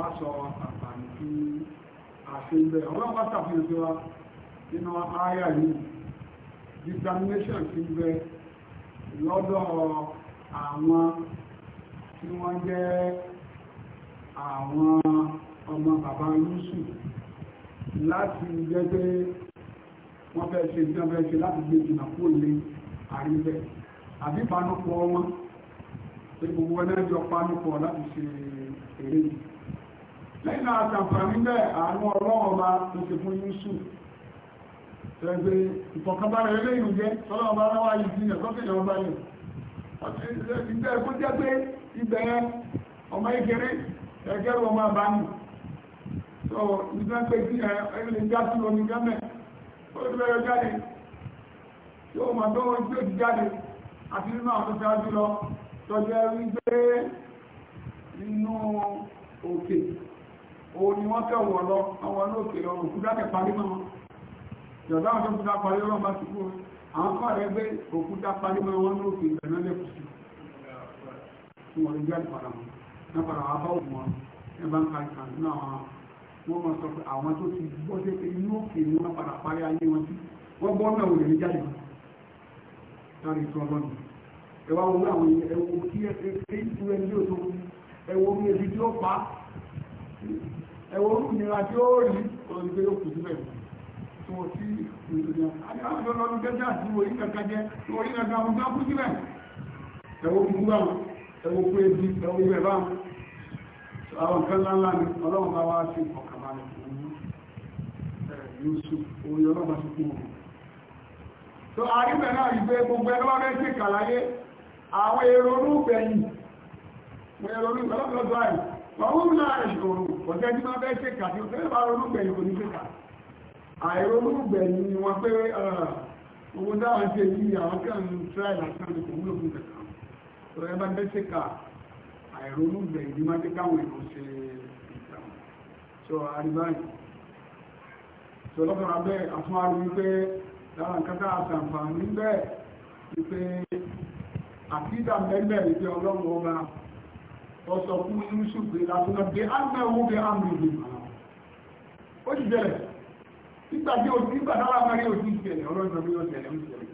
ọlọ́pàá tàbí ìṣòro nínú àyà yìí determination ti bẹ lọ́dọ̀ àwọn tí wọ́n jẹ́ àwọn ọmọ bàbá yúsù láti jẹ́ pé wọ́n fẹ́ ṣe ìjọba fẹ́ ṣe láti gbé jìnà kó lè àríbẹ̀ àbí panupọ̀ wọn pé gbogbo ẹgbẹ́ jọ panupọ̀ láti ṣe èrè lẹ́yìn àtàǹfààní bẹ́ẹ̀ àánú ọlọ́wọ́ bá tó ṣe fún yúsù Ṣẹ́gbé ìfọ̀kànbára eléyìn jẹ́, tọ́lọ́wọ́ bá rọ́wà yìí sí ẹ̀kọ́kẹ́ ìyọ̀ bá yìí. Ọ̀tí ìgbẹ́ ẹ̀kọ́ jẹ́ pé ìbẹ̀rẹ̀ ọmọ ìkẹrẹ ẹ̀kẹ́rù ọmọ àbámi. So, ìgbẹ́ pé kí ẹ̀rẹ́ ìjá sí omi gẹ́mẹ̀, ó ti bẹ̀rẹ̀ jáde. Yóò mọ̀ tó wọ́n gbé jáde àti nínú àwọn tó ṣáájú lọ, tọ́jẹ́ rí gbé nínú òkè. Òun ni wọ́n kẹ̀wọ̀ lọ, àwọn olóòkè lọ, òkú dákẹ̀ parí mọ́ jọ̀dá àwọn tó dápa lé rọ́mà sí fún àwọn kọ́ rẹ̀ gbé òkúta parí mọ́ wọn ní òfin ìgbẹ̀nà lẹ́kùn sí fún wọn ìgbẹ́ ìpàdà wọn nípàdà wọn bá òun wọn ẹ bá ń ka ìkà nínú àwọn wọn mọ sọ pé àwọn tó ti gbọ́ sí pé inú òkè ni wọ́n padà parí ayé wọn sí wọ́n gbọ́ náà wò lè ní jáde láti tún ọlọ́nà ẹ wá wọn àwọn ẹwọ kí ẹ ẹ ìtura ẹni ẹwọ omi ebi tí ó pa ẹwọ omi ìnira tí ó rí ọ̀rọ̀ tó sí ìrìnà àti ọlọ́dún jẹ́jẹ́ àti orí kankan jẹ́ orí kankan mú ká kú sílẹ̀ ẹ̀wọ́ gbúgbà ẹ̀wọ́ kú ebi ẹ̀wọ́ ibẹ̀ bá àwọn kan láńlá ni ọlọ́run bá wá sí ọkàbalẹ̀ Yusuf orí ọlọ́run sí fún wọn tó àríbẹ̀ náà ìgbé gbogbo ẹgbẹ́ bẹ́ẹ̀ sí kàlàyé àwọn èrò olúgbẹ̀yìn èrò olúgbẹ̀lọ́gbẹ̀lọ́gbẹ̀ àìrònúgbẹ̀yìn ni wọ́n pé ohun dáwọn tí èyí àwọn kan ń tíráì lásán ní kò múlò fún ìtẹ̀kà tó ẹ bá bẹ́sẹ̀ ká àìrònúgbẹ̀yìn ni wọ́n ti káwọn èèyàn ṣe ìtàn so àríbáyìí so lọ́kọ̀ọ́ra bẹ́ẹ̀ àtúnwárí wípé lára nǹkan tá a ṣàǹfààní bẹ́ẹ̀ wípé àkídà mẹ́gbẹ̀ ìgbé ọlọ́run ọba ọ̀sọ̀ fún yusuf pé látúnà bí á mẹ́wọ́ bí á mẹ́wọ́ ó ti bẹ̀rẹ̀ nígbà tí òtí nígbà táwọn amáyé òtí ìṣẹ̀lẹ̀ ọlọ́dún ní ọ̀tẹ̀lẹ̀ ń ṣẹlẹ̀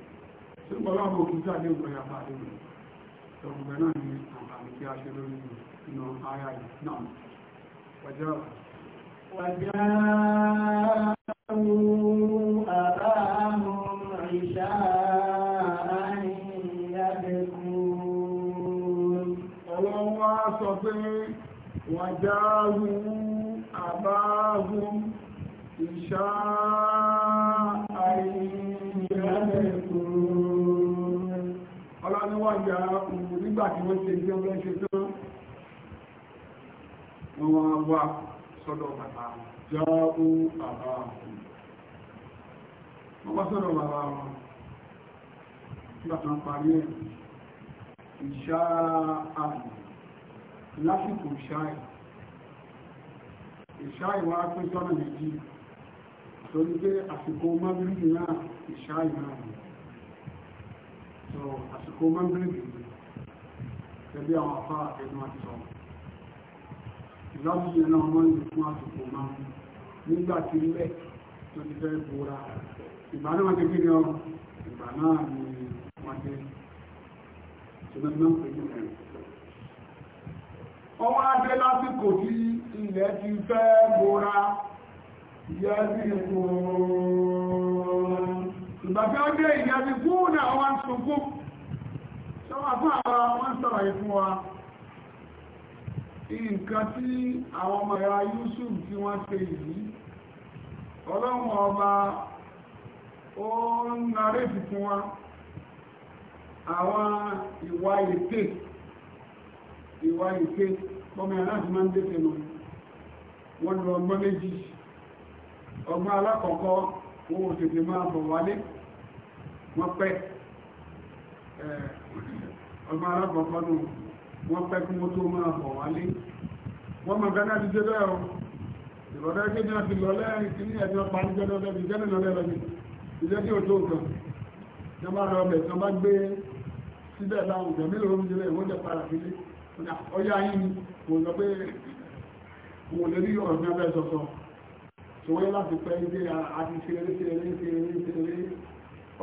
tí ó bọ̀lá ọmọ òkúta ní òkúta yàpá àdéhùn ọgbẹ̀ náà ní àǹfààní tí a ṣe lórí inú ara yìí náà wàjá wàjá àbáhùn ìṣáà ọlọ́niwájà òun nígbà tí wọ́n ṣe jẹ́ ọlọ́ ṣe tán wọ́n wá wá sọ́dọ̀ bàbá já ó bàbá wọ́n wá sọ́dọ̀ bàbá wọn nígbà pín sọ́nà méjì torí pé àsìkò mábílì náà ìṣá ìmáà rẹ̀ so àsìkò mábílì ẹbí àwọn afá ẹnu àtìsọ ìlọ́sílẹ̀ náà mọ́ ní fún àsìkò mábílì nígbà tí ilẹ̀ tó ti fẹ́ bóra ìgbà náà ti kíni ọ ìgbà náà ni wọ́n dé ṣùgbọ́n náà pè ní ẹ̀rọ ọwọ́ adé lásìkò tí ilẹ̀ ti fẹ́ bóra ìgbàgbé ọdẹ ìyàbí fún náà wọ́n sunkún ṣọ́wà fún àwọn wọ́n sọ̀rọ̀ ìfún wa nǹkan tí àwọn ọmọ ẹ̀rọ Yusuf tí wọ́n ṣe yìí ọlọ́run ọba ó ń naréjì fún wa àwọn ìwà ète ìwà ète pọ́mọ ẹ̀rọ láti máa ń dé tẹnu wọ́n lọ ọgbọ́n méjì ọgbọ́n alákọ̀ọ́kọ́ owó tètè máa bọ̀ wálé wọ́n pẹ́ ọgbọ́n alákọ̀ọ́kọ́ nù wọ́n pẹ́ kí wọ́n tó máa bọ̀ wálé wọ́n mọ̀ gánà ti jẹ́ bẹ́ẹ̀ o ìrọ̀lẹ́ kí ní àti lọ lẹ́yìn tí ní ẹ̀jọ́ parí jẹ́ lọ́lẹ́ ti jẹ́nà lọ́lẹ́ lọ́lẹ́ ìjẹ́ tí ó tó nǹkan tí wọ́n bá rọ ọbẹ̀ tí wọ́n bá gbé síbẹ̀ láwọn ìjọ mélòó ń jẹ́ ìwọ́n jẹ́ para sílé ọjà yìí kò sọ pé òun lè rí ọ̀rọ̀ ní abẹ́ sọ̀tọ̀ ṣòwé láti pẹ́ ń gbé àti ṣeré ṣeré ṣeré ṣeré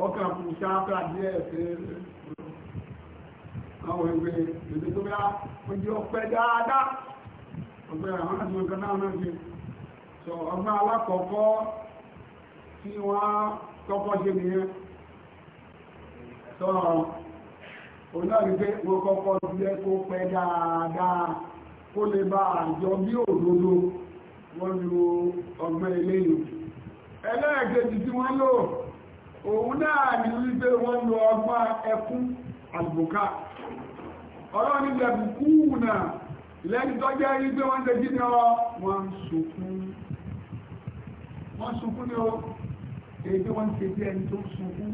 ọkàn fún ṣááfà díẹ̀ ṣeré àwọn ìwé ìdí tó bá ojú ọpẹ dáadáa ọgbẹ́ àwọn láti mọ nǹkan náà náà ṣe sọ ọgbà alákọ̀ọ́kọ́ tí wọ́n kọ́kọ́ ṣe nìyẹn sọ òun náà rí pé wọ́n kọ́kọ́ bí ẹ kó pẹ́ dáadáa kó lè bá àjọ bí òdodo wọ́n lo ọgbọ́n eléyìí ẹlẹ́ẹ̀kejì tí wọ́n lò òun náà ní wípé wọ́n lo ọgbọ́n ẹkún àlùbùká ọlọ́run ní lẹ́bùkú náà lẹ́yìn tó jẹ́ wípé wọ́n ṣe jí ní ọ wọ́n sunkún wọ́n sunkún ní o èyí tí wọ́n ṣe bí ẹni tó sunkún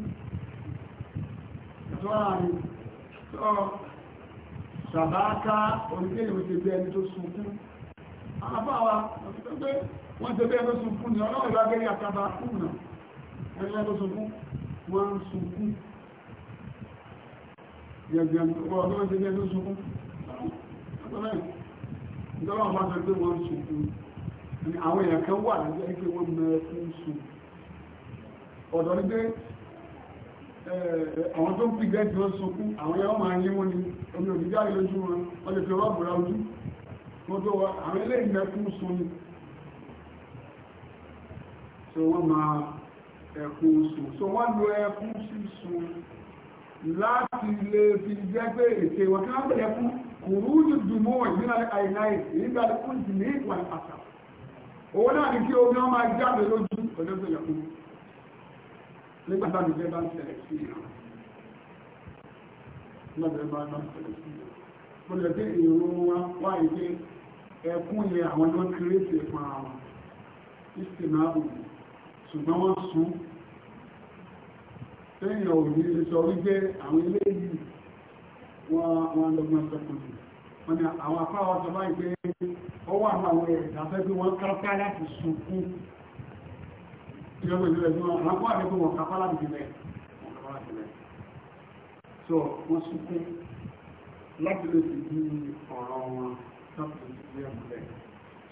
tó àárín tó sàbáàká oníkéyìí ó ṣe bí ẹni tó sunkún àbáwa pé wọ́n ṣe bẹ́ẹ̀ tó sunkún ní ọlọ́run ìlú abẹ́rẹ́ àtàbà kùn náà ẹgbẹ́ tó sunkún wọ́n ń sunkún yẹ̀gbẹ̀m ọlọ́run ṣe bẹ́ẹ̀ tó sunkún ìjọba wọn sọ pé wọ́n ń sunkún àwọn èèyàn kan wà lẹ́gbẹ́ pé wọ́n mẹ́ẹ̀kún sun ọ̀dọ̀ ní pé àwọn tó ń pìgbẹ́ tí wọ́n sunkún àwọn èèyàn máa ń yí wọn ni omi òdíjáde lójú wọn wọ́n lè fi rọ́ọ̀bù ra ojú tó wá àwọn ilé ìmẹ́kún sun so wọ́n ma ẹ̀kún sun so wọ́n lo ẹkún sí sun láti lè fi jẹ́ pé ètè wọn kí wọ́n bẹ̀rẹ̀ fún kùrúdù dùmọ́ ìgbìnà àìnáì nígbà fún ìdílé ìwà àṣà owó náà ní kí omi ọmọ jáde lójú ọdọ́bẹ̀rẹ̀ fún nígbàtà nìjẹ́ bá ń tẹ̀lẹ̀ sí ìrìn lọ́bẹ̀rẹ̀ bá ń tẹ̀lẹ̀ sí ìrìn ẹkún yẹn àwọn náà kírèsì fún àwọn ìsìnàbù ṣùgbọ́n wọ́n sún lẹ́yìn òní lè sọ wípé àwọn ilé yìí wọ́n lọ́gbọ́n sẹ́kùnjù wọ́n ni àwọn apá wọn sọ báyìí pé ọwọ́ àwọn àwọn ẹ̀dà fẹ́ bí wọ́n kápá láti sunkún tí ó gbèsè lẹ́gbọ́n àwọn apá àdébò wọn kápá láti bìlẹ̀ so wọ́n sunkún láti lè fi bí ọ̀rọ̀ wọn láti lè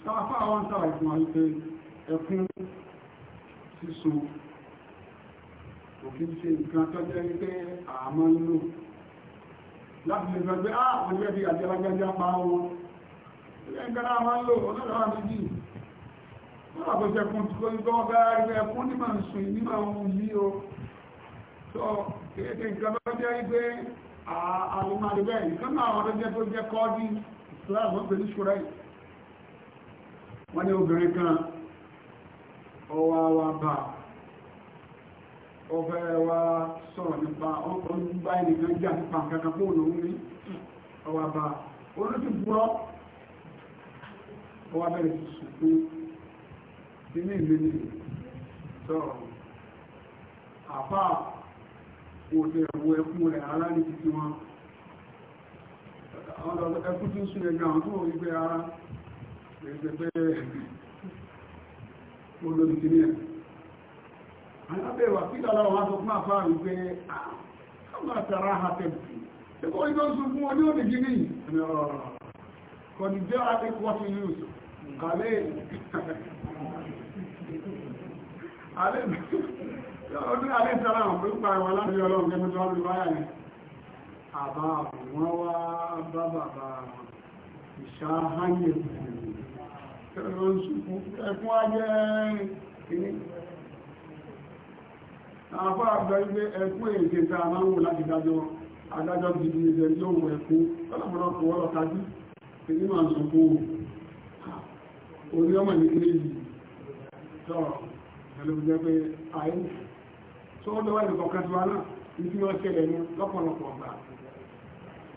sáfà àwọn sára ìfún wa wípé ẹkún sísun òkè ṣe nǹkan tó jẹ́ wípé àmọ́ nínú láti lè sọ pé á ah, wọ́n jẹ́ bí àjẹ́lágbájá pa wọn ilé nǹkan náà máa ń lò ọlọ́dọ̀ wà méjì wọ́n àbọ̀ jẹ́ kún tó ń gbọ́ bá rí ẹkún ní màá sùn ní màá wù mí o jẹ́ wípé àlùmọ́ islam wọ́n pè ní ṣúra yìí wọ́n ní obìnrin kan ọwọ́ wa bá ọfẹ́ wa sọ̀rọ̀ nípa ọkọ̀ nígbà ẹnìkan jà nípa kankan fún òun ní ọwọ́ bá olóṣù búrọ́ ọwọ́ bẹ̀rẹ̀ sí sùkún inú ìlú ni sọ̀rọ̀ àfáà òṣèlú ẹkún rẹ̀ aláàrí títí wọn àwọn ẹkú tí ń sún ẹgbẹ́ àwọn tó ara ẹgbẹ́ pé ní ẹ̀ alábẹ̀wà kí lára wọn fún àfáà rí àwọn àtàrà àtẹ̀bù ẹgbẹ́ orí ló ń sún fún oní òní gíní kọ̀dí jẹ́ àtẹ́kọ́ sí ọdún àbá wọ́n wá bá bàbá ìṣáháyè ẹkún ajẹ́ ìní àbá àgbẹ̀gbẹ̀ ẹkún èdè tá a máa ń wò láti dájọ́ adájọ́ gidi ilẹ̀ tí ó wọ ẹkún tọ́lọ̀pọ̀lọ́ fọwọ́lọ́ tajú èyí máa sọ fún orí ọmọ ìdílé yìí tọ́ ẹlòmìnira pé àyè tó ó lọ́wọ́ ìlú kọ̀ọ̀kan tí wá náà ìdí wọn ṣẹlẹ̀ ní lọ́pọ̀lọpọ̀ ọ̀gbà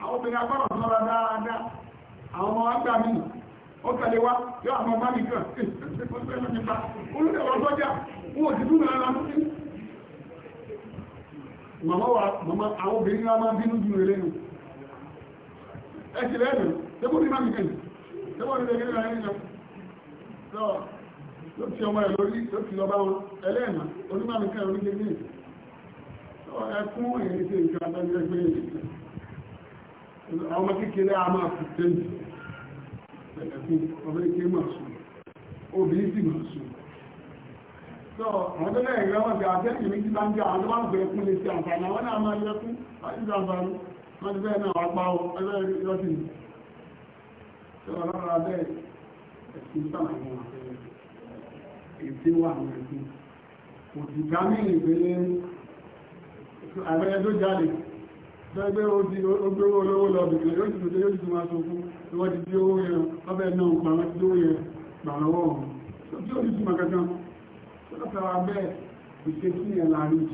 àwọn obìnrin agbọ́rọ̀ sọ́ra dáadáa àwọn ọmọ agbà mi ó tẹ̀lé wá yọ àwọn ọmọ mi kàn olùdẹ̀wọ̀ sọ́jà wọn ò ti dúró ara mú sí màmá wa màmá àwọn obìnrin náà máa bínú jù rẹ̀ nù ẹ̀sì lẹ́nu tẹ́kọ́ ní mami kẹ́yìn tẹ́kọ́ ní lẹ́gbẹ̀ẹ́ rẹ̀ nìyàn tó ló ti ọmọ rẹ̀ lórí ló ti lọ́bá wọn ẹlẹ́ẹ̀nà onímọ̀ mi kẹ́yìn orí gẹ́gẹ́ ẹkún èyí tí ìjọba ẹgbẹ́ àwọn ọmọ kékeré a máa fi tẹ́lì ẹ̀kùn ọmọ kékeré máa sùn obìnrin sì máa sùn tọ́ àwọn tó lẹ́yìn rẹ̀ wọ́n ti àtẹ́kì méjì bá ń jẹ́ àwọn tó bá ń bẹ̀rẹ̀ fún lè ṣe àǹfààní àwọn náà máa yẹ fún àìsí àǹfààní wọ́n ti bẹ́ẹ̀ náà wá pa ọ ẹgbẹ́ yọtì tọ́ ọlọ́rọ̀ abẹ́ ẹ̀sìn sàmàmù ètè ẹ̀sìn òtìgbà mí ìpele gbẹ́gbẹ́ ogbówó olówó lọ bìí yóò ti tòtẹ́ yóò ti máa tó fún ìwọ́n ti dí owó yẹn ọbẹ̀ náà pàmọ́ ti dówó yẹn gbàlọ́wọ́ ọ̀hún tí ó ní túnmọ̀ kankan lọ́pẹ̀wà bẹ́ẹ̀ ìṣe tí yẹn láàrin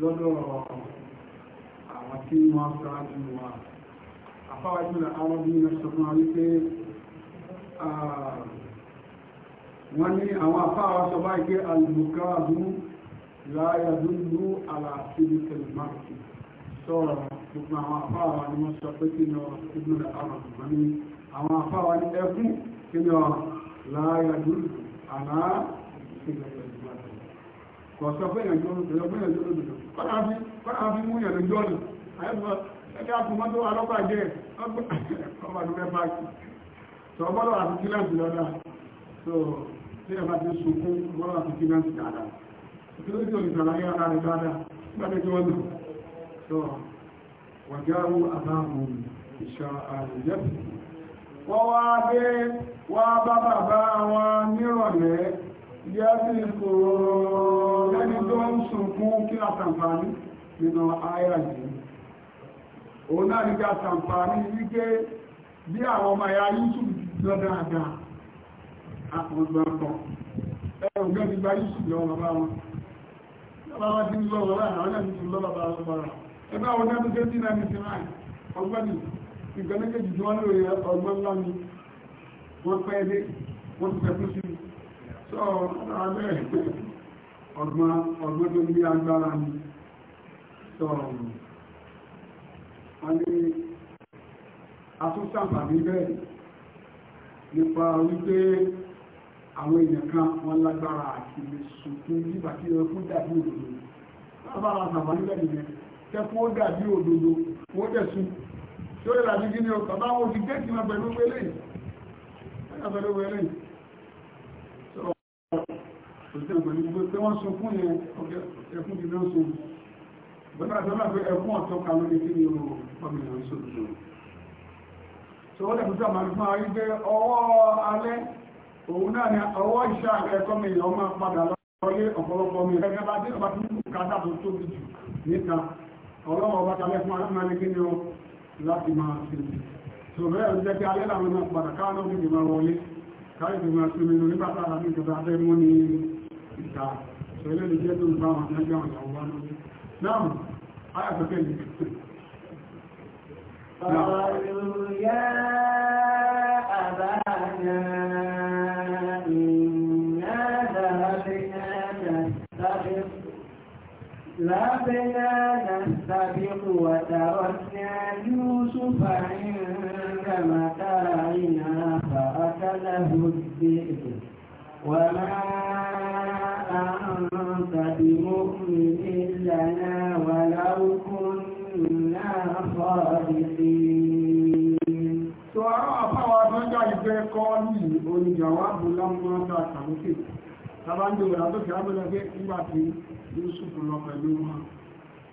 lọ́dọ̀ àwọn tí wọ́n sáájú wa àfáwà ìpínlẹ̀ àwọn bí i sọ fún wa wípé wọ́n ní àwọn àfáwà sọ báyìí pé alùbùkà dún láyà dúdú àlàáfíì tẹlifásitì sọ̀rọ̀ gbogbo àwọn afáwa ni wọ́n sọ pé kí ni ọ gbogbo rẹ̀ àwọn ọ̀gbọ̀n ní àwọn afáwa ní ẹkún kí ni ọ láàyàdú àlá ìgbẹ̀rẹ̀ ìgbàlẹ̀ kọ̀ sọ pé ìyànjú olùdó kọ́nà fi mú ìyànjú jọ́ọ̀lù àyẹ̀fọ́ ẹgbẹ́ akùnmọ́tò alọ́pàá jẹ́ ọgbàdúgbẹ́ báàkì sọ bọ́lọ̀ àti kílẹ̀ǹtì lọ́dà so tí ẹ bá ti sunkún bọ́lọ̀ àti kílẹ̀ǹtì dáadáa ìtòlójú olùsàlàyé ara rẹ̀ dáadáa gbàdẹ́jọ́ ọdún wàjáwó àbáhùn ìṣà àrùjẹ́ wọ́n wá dé wá bá bàbá wọn nírọ̀lẹ́ yẹ́ sí kòrò lẹ́ni tó ń sunkún kí àtàǹfààní nínú àyà náà ẹgbẹ́ àwọn ọdún tó ti náà ti máa ọgbọ́n ni nǹkan ní kejì ọgbọ́n ńlá ni wọ́n pẹ́ dé wọ́n ti fẹ́kú sí sọ abẹ́ ọgbọ́n ọgbọ́n tó ní agbára ni sọ wọ́n ní atúnṣàǹfààní bẹ́ẹ̀ nípa wípé àwọn èèyàn kan wọ́n lágbára àti lè sùn fún nígbà tí ó dàbí òdòdó lábára àtàwọn nígbà nìyẹn tẹ́kún ó dàbí òdodo wọ́n tẹ̀sùn tí ó lè dàbí gíní o bàbá wọn ti gẹ́ẹ̀kì máa pẹ̀lú wẹ́lẹ̀ ẹ̀yà pẹ̀lú wẹ́lẹ̀ sọ̀rọ̀ òṣìṣẹ́ pẹ̀lú gbogbo pé wọ́n sun fún yẹn ẹkún ti náà sun bẹ́ẹ̀ náà sọ́nà pé ẹkún ọ̀tọ́ kan lórí kí ni o pàmì ìrìn sódò so ó dàbí sọ́nà máa rí pé ọwọ́ alẹ́ òun náà ni ọwọ́ ìṣà ẹ̀kọ́ mi ìyọ́ máa padà lọ́lé ọ̀pọ̀lọpọ̀ mi ẹgbẹ́ bá dé ọba tó kù kátà tó tóbi jù níta ọlọ́wọ́ bá tàbí fún aláàmàlì kí ni ó láti máa sí so bẹ́ẹ̀ ló jẹ́ pé alẹ́ làwọn náà padà káàánú bí ìgbà wọlé káyọ̀ tó máa sinmi nù nígbà tára ìjọba abẹ́ mú ní ìta so ilé ló jẹ́ tó ń bá wọn náà jẹun ìyàwó wá lórí náà ayà tó kẹ́lì Ya abana inna فاستبقوا وتركنا يوسف عند متاعنا فأكله الذئب وما أنت بمؤمن لنا ولو كنا صادقين. Sọ̀rọ̀ àfáwà sọ́jà ìfẹ́ kọ́ ní oníjàwábù lọ́mọ́ta tàbí tàbí ń dòwòrán tó fi ábẹ́lẹ́ pé nígbà tí Yusuf lọ pẹ̀lú wọn.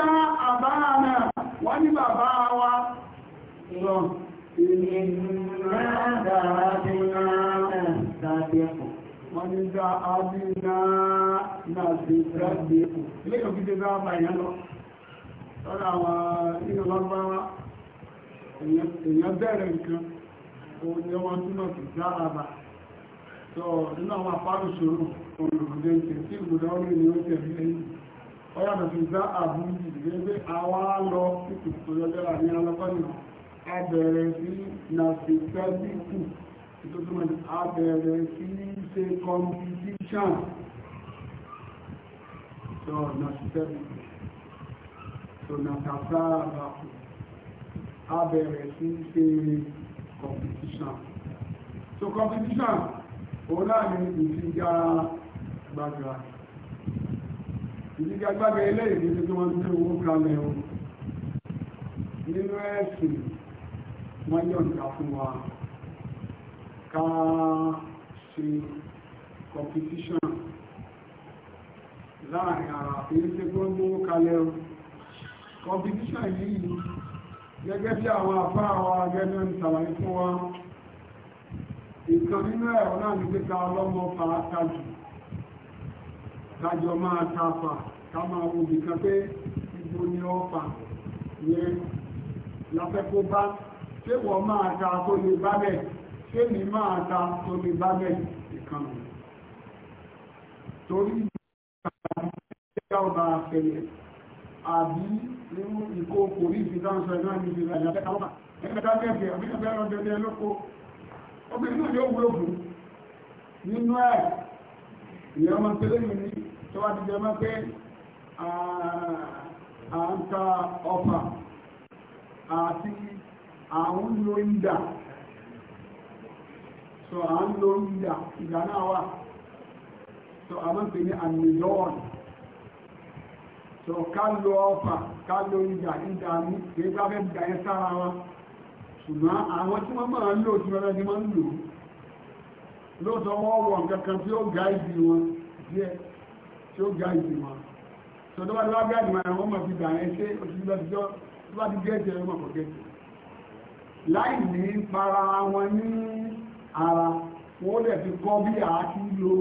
yá àbáànà na ní bàbá wa lọ Wọ́n na dá àbínà náà ti dáadé kù. Ilé ìrọ̀gídé bá bá ìyá lọ. Lọ́dá àwọn inú lọ́gbáwá, èèyàn bẹ̀rẹ̀ nǹkan, òun ni wọ́n túnmọ̀ sí dáadà. Sọ nínú àwọn ọ̀yà mọ̀ fi gbá àbú ìgbẹ́gbẹ́ àwa lọ títí tó yọjọ́ra ní alọ́gọ́nà abẹ̀rẹ̀ sí nàfẹ́fẹ́bíkù ìtòtúmọ̀ abẹ̀rẹ̀ sí ṣe kọmpítíṣàn tó nàfẹ́fẹ́bíkù tó nàfẹ́fẹ́bíkù abẹ̀rẹ̀ sí ṣe kọmpítíṣàn so kọmpítíṣàn òun náà ni ìfigagbága ìdígagbága eléyìí ní tó wọ́n tó owó kalẹ̀ o nínú ẹ̀sìn wọ́n yọ̀ nígbà fún wa ká ṣe competition láàrin ara èyí tí ó ń owó kalẹ̀ o competition yìí gẹ́gẹ́ bí àwọn afá wa gẹ́gẹ́ ń ṣàlàyé fún wa ìkan nínú ẹ̀rọ náà ní pé ọlọ́mọ fara ta kájọ máa tafà ká máa wo nìkan pé ibo ni ọfà yẹn láfẹ́kó bá ṣé wọ́n máa ta tó lè bá bẹ̀ ṣé mi máa ta tó lè bá bẹ̀ nìkan mi torí ìgbà ọba àfẹ̀yẹ̀ àbí nínú ìkó kòrí ìfitánsọ ẹ̀nà ní ìfìlà ìyàfẹ́ta ọba ẹgbẹ́ta gẹ́gẹ́ àbí ẹgbẹ́ ọdẹdẹ lóko obìnrin náà yóò wúlò fún nínú ẹ̀ ìyá ọmọ tẹ́lẹ̀ ní tó wá ti jẹ mọ́ pé à ń ta ọfà àti àwọn lo ìdà so à ń lo ìdà ìdà náà wà so àwọn pè ní àmìlọ́ọ̀nù so ká lo ọfà ká lo ìdà ìdà ní kí ká fẹ́ dà ẹ sára wa ṣùgbọ́n àwọn tí wọ́n máa ń lò tí wọ́n ti máa ń lò lóòótọ́ wọ́n wọ̀ nǹkan kan tí ó ga ìdí wọn díẹ̀ tí ó gá ìgbìmọ̀ tó tó bá ti wá gá ìgbìmọ̀ àwọn ọmọ fi gbà yẹn ṣe oṣù tó tó bá ti gẹ́ẹ̀tì ẹ̀rọ mọ̀kọ̀ gẹ́ẹ̀tì láì ní para wọn ní ara wọn ó dẹ̀ fi kọ́ bí a ti lo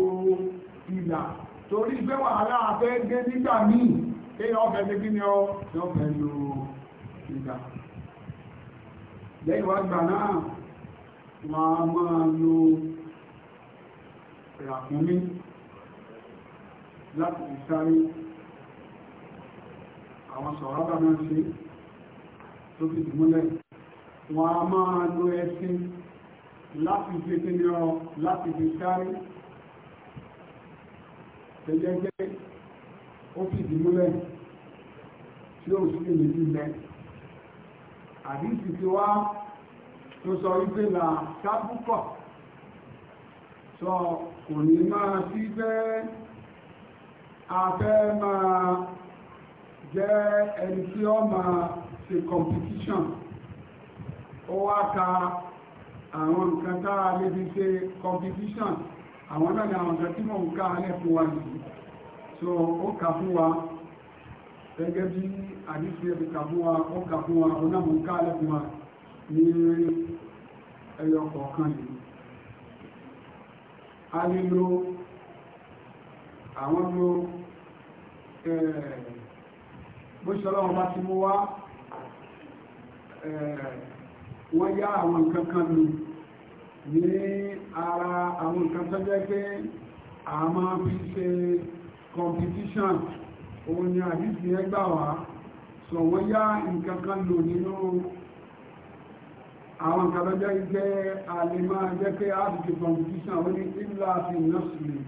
ìlà torí pé wàhálà afẹ́ gé nígbà míì kéèyàn ọ̀fẹ́ ṣe kí ni ọ yọ fẹ́ lo ìlà lẹ́yìn wá gbà náà wọ́n máa lo ràkúnmí láti fi sáré àwọn sọ̀rọ̀bà náà ṣe tó fi dìmúlẹ̀ wọ́n a máa lo ẹṣin láti fi kíni ọ láti fi sáré tẹ́jẹ́jẹ́ ó fi dìmúlẹ̀ tí ó sì lè lílẹ̀ àdísì tí wá tó sọ wípé là sábúkọ̀ sọ kò ní máa sí bẹ́ẹ̀ afẹ́ máa jẹ́ ẹni tí ó máa ṣe competition ó wá ka àwọn nǹkan tá a lè fi ṣe competition àwọn náà ni àwọn nǹkan tí mò ń ká alẹ́ fún wa nìyí so ó kà fún wa gẹ́gẹ́ bí àdísí ẹbí kà fún wa ó kà fún wa ó náà mò ń ká alẹ́ fún wa ní ẹyọ kọ̀ọ̀kan yìí àwọn lo bó ṣe ọlọ́run bá ti mú wá wọ́n yá àwọn nǹkan kan ní ara àwọn nǹkan tó jẹ́ pé a máa fi ṣe competition òun ni àdísì ẹgbà wá sọ wọ́n yá nǹkan kan lò nínú àwọn nǹkan tó jẹ́ jẹ́ a lè máa jẹ́ pé a fi ṣe competition ó ní ìlà àti ìnáṣìlẹ̀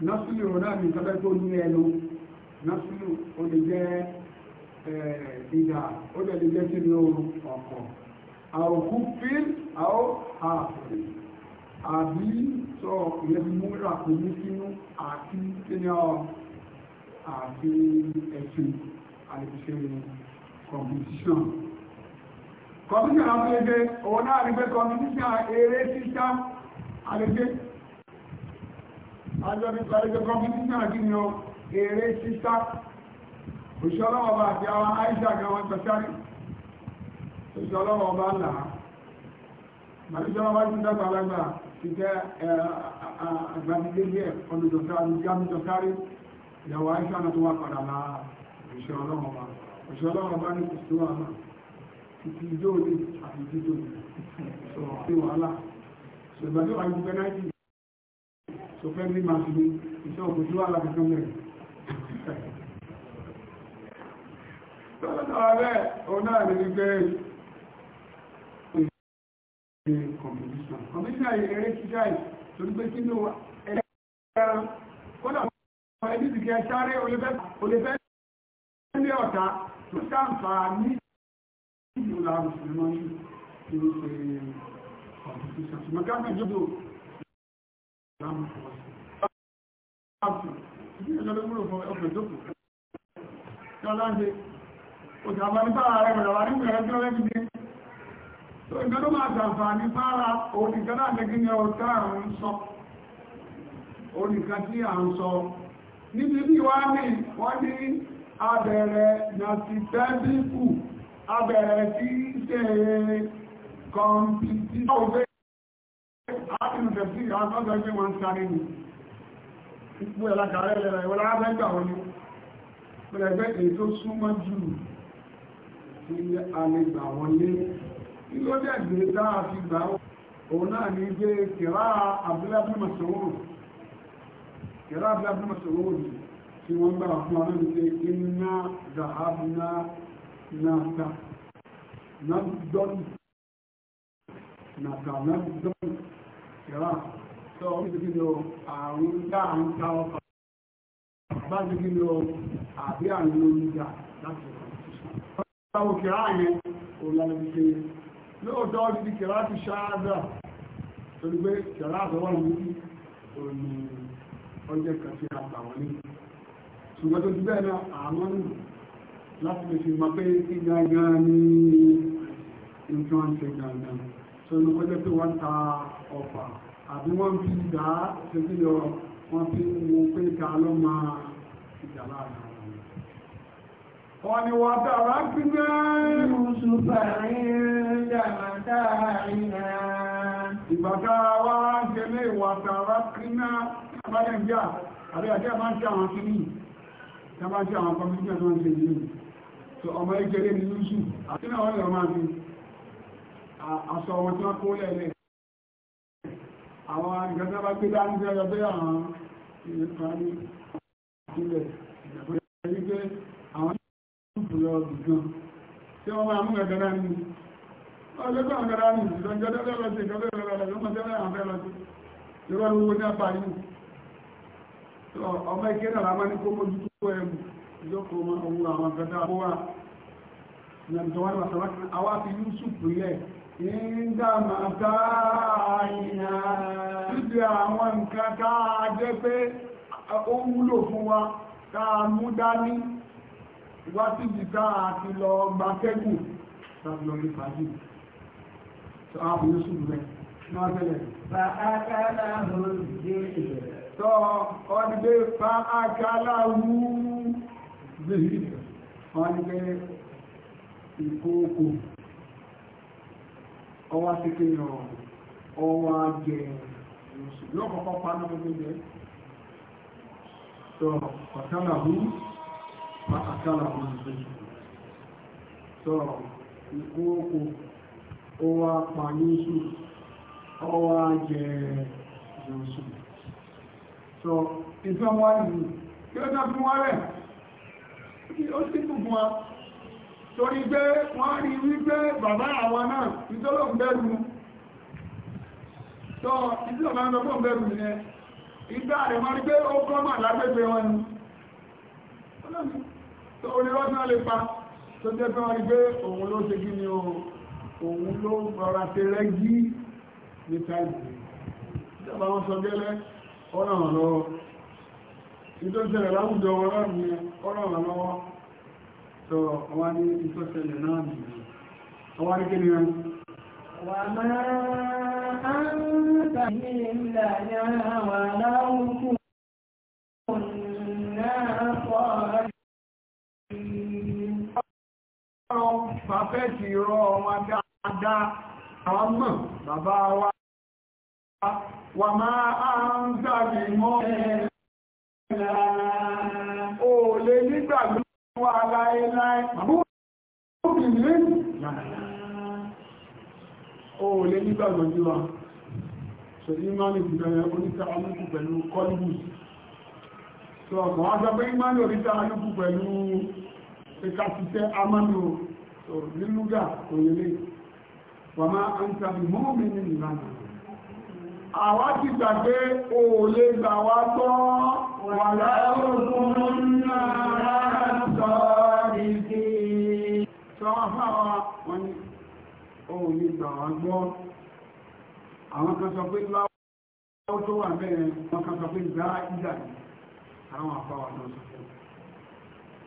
násùlù náà ní ìtọ́jọ́ tó ní ẹnu násùlù ó lè de ìdà ó lè lè jẹ́ sí ní oòrùn ọ̀pọ̀ àwòkú fíl àó ààfẹ́ àbí sọ ìrẹ́mú ràpínú sínú àti kíni ọ àti ẹ̀sìn àìṣe competition competition àwọn ẹgbẹ́ òun náà rí pé competition eré títà ajọ́ ní sàrígbé kọmpútítà kí ni ó eré sísá òṣìṣọ́lọ́wọ́ bá àti àwọn àìsà gan wọn tọ́sárì òṣìṣọ́lọ́wọ́ bá là á màlúṣọ́lọ́ bá tún dọ́gba alágbà ti jẹ́ àgbàdìgbé ọdún ìyàwó àìsà náà tó wà padà láà òṣìṣọ́lọ́wọ́ bá òṣìṣọ́lọ́wọ́ bá ní kìsíwà náà títí ìjọ́ òní àti títò wàhálà ṣùgbọ́n tó wà ní so friendly match ni iṣẹ́ òkújú alábìkan mẹ́rin tọ́lọ́tọ́ rẹ̀ òun náà ní wípé competition competition eré kíkà ì tó ń gbé sínú ẹ̀rẹ́ kódà ọmọ ẹbí ti kẹ́ sáré olùfẹ́ ilé ọ̀tá tó sáǹfà ní ìlú làrùsùn mọ́ ní ìlú ṣe competition ṣùgbọ́n gáàmì ìjọba So ìgbẹ́ ló máa jàǹfààní fára òníkan láti gí ní ọ̀tá àrùn sọ. Òníkan tí a ń sọ. Níbi bí wá ní wọ́n ní abẹ̀rẹ̀ nàti tẹ́bíkù, abẹ̀rẹ̀ tí ṣe kọ̀m̀pìtì ọ̀fẹ́ ápùn tẹ̀sí àtọ́jọ́ ẹgbẹ́ wọn sáré ní ipò ẹ̀lágàrẹ́ lẹ́rẹ̀ ìwọ́n lábẹ́gbà wọn ni pẹ̀lẹ̀gbẹ́ èyí tó súnmọ́ jù ní àlegbà wọn lé ilé ó dẹ̀gbẹ́ dáa fi gbà òun náà ní gbé kẹrà abúlábùmọ̀sọ̀wọ́ kẹrà abúlábùmọ̀sọ̀wọ́ tí wọ́n gbà fún ọdún ní iná dàhábùná náà dá náà dọ́nù nàtàmẹ́gbọ́n ìran tó oríṣìí ní àrùn dá àrùn ta ọkọ̀ bá ti kí ní àbí àrùn oníjà láti ọ̀pọ̀ kìrá yẹn olùlàlẹ́bí ṣe lóòótọ́ ti kìrá ti ṣáádà torí pé kìrá àtọwọ́ ní òní ọjọ́ kan sí àtàwọn ní ṣùgbọ́n tó ti bẹ́ẹ̀ náà àmọ́ láti lè fi mọ̀ pé ìgbà gan ni nǹkan ṣe gangan tó ló kọjá pé wọ́n ta ọ̀pá àbí wọ́n fi ìdá ṣe kí lọ wọ́n fi mú pé ká lọ máa ìjà láàrin Ọni wọ́n tàbá gbígbé Mùsùlùmí ìrìnlẹ̀mọ̀tà àrínà. Ìgbàta wá ń ṣe lé ìwà tàbá aṣọ wọn tí wọ́n kó lẹ́lẹ̀ àwọn ìgbẹ́sẹ̀ bá gbé dání fẹ́ ọjọ́ àwọn ìrìnkàní ìpínlẹ̀ ìgbẹ́ wípé àwọn ìpínlẹ̀ ọ̀dùnkàn tí wọ́n máa mú ẹ̀gẹ́ dání ọjọ́kọ̀ ọ̀gẹ́ dání ìjọ́jọ́ tẹ́lẹ̀ lọ sí ìjọ́jọ́ tẹ́lẹ̀ lọ sí ìjọ́jọ́ tẹ́lẹ̀ lọ sí ìrọ̀ lówó ní àpáyé ọmọ ìkẹ́rẹ̀ àmá ní kó mójú tó ẹ̀mù ìjọ́kọ̀ ọmọ àwọn àgbẹ̀dá àbúwà ìdámàtà àìyà síbi àwọn nǹkan káà jẹ́ pé ó wúlò fún wa káà mú dání wá síbi káà ti lọ gba kẹ́gù tàbí lọ rí fàájì tó àwọn oṣùn rẹ̀ náà tẹ́lẹ̀ tọ́ ọdígbé fa akáláwú gbèrè ọdígbé ìkókò ọwọ́ akékeré ọ̀rọ̀ ọwọ́ ajẹ́ yóò kọ́kọ́ paná gbogbo jẹ́ tó ọ̀tánà hù ma àtánà hù nìgbẹ́ tó ikú okò ọwọ́ apàyíṣù ọwọ́ ajẹ́ yóò tó ìfẹ́ wọ́n yìí kí ó dá fún wọ́n rẹ̀ ó sì gbogbo wa torí pé wọ́n rí wípé bàbá àwọn náà ìtọ́lọ̀ bẹ̀rù tó ìtọ́lọ̀ máa ń lọ́pọ̀ bẹ̀rù nìyẹn ìgbà rẹ̀ máa rí pé ó kọ́ mà lágbègbè wọn ni tó orí rọ́sán lè pa o òun ló rọra ṣe rẹ́gí ní táìpì ìjọba wọn sọ gẹ́lẹ́ ọ̀ràn lọ́wọ́ ìtọ́sẹ̀rẹ̀ láwùjọ wọn so wọ́n ní ìtọ́sẹ̀lẹ̀ náà nìyàn wọ́n ní kí ni wọ́n wà máa ń tàbí ìlànà wà láwùkú náà pọ̀ Fàfẹ́tì rọ wọn dáadáa, àwọn mọ̀ bàbá wa wà máa ń tàbí mọ́ ẹ̀rẹ́ wà láìláì mọ́bìnrin ó lè nígbàgbọ́ ní wa ṣe ìmáni ìgbẹ̀rẹ̀ oníta alúkù pẹ̀lú kọlùbùs tó ọkọ̀ wá sọ pé ìmáni oníta alúkù pẹ̀lú ìkàtìtẹ́ amánú nílúgà òyìnlẹ̀ wà máa ń tàbí mọ́bìnrin ìlànà àwa ti gbàgbé òòlé gbà wá tọ́ wà láàrùn fún náà àwọn afáwa wọn ni ohun ní gbà wá gbọ́ àwọn kan sọ pé láwọ́ tó wà bẹ́ẹ̀ wọn kan sọ pé gbá ìgbà àwọn afáwa náà sọ pé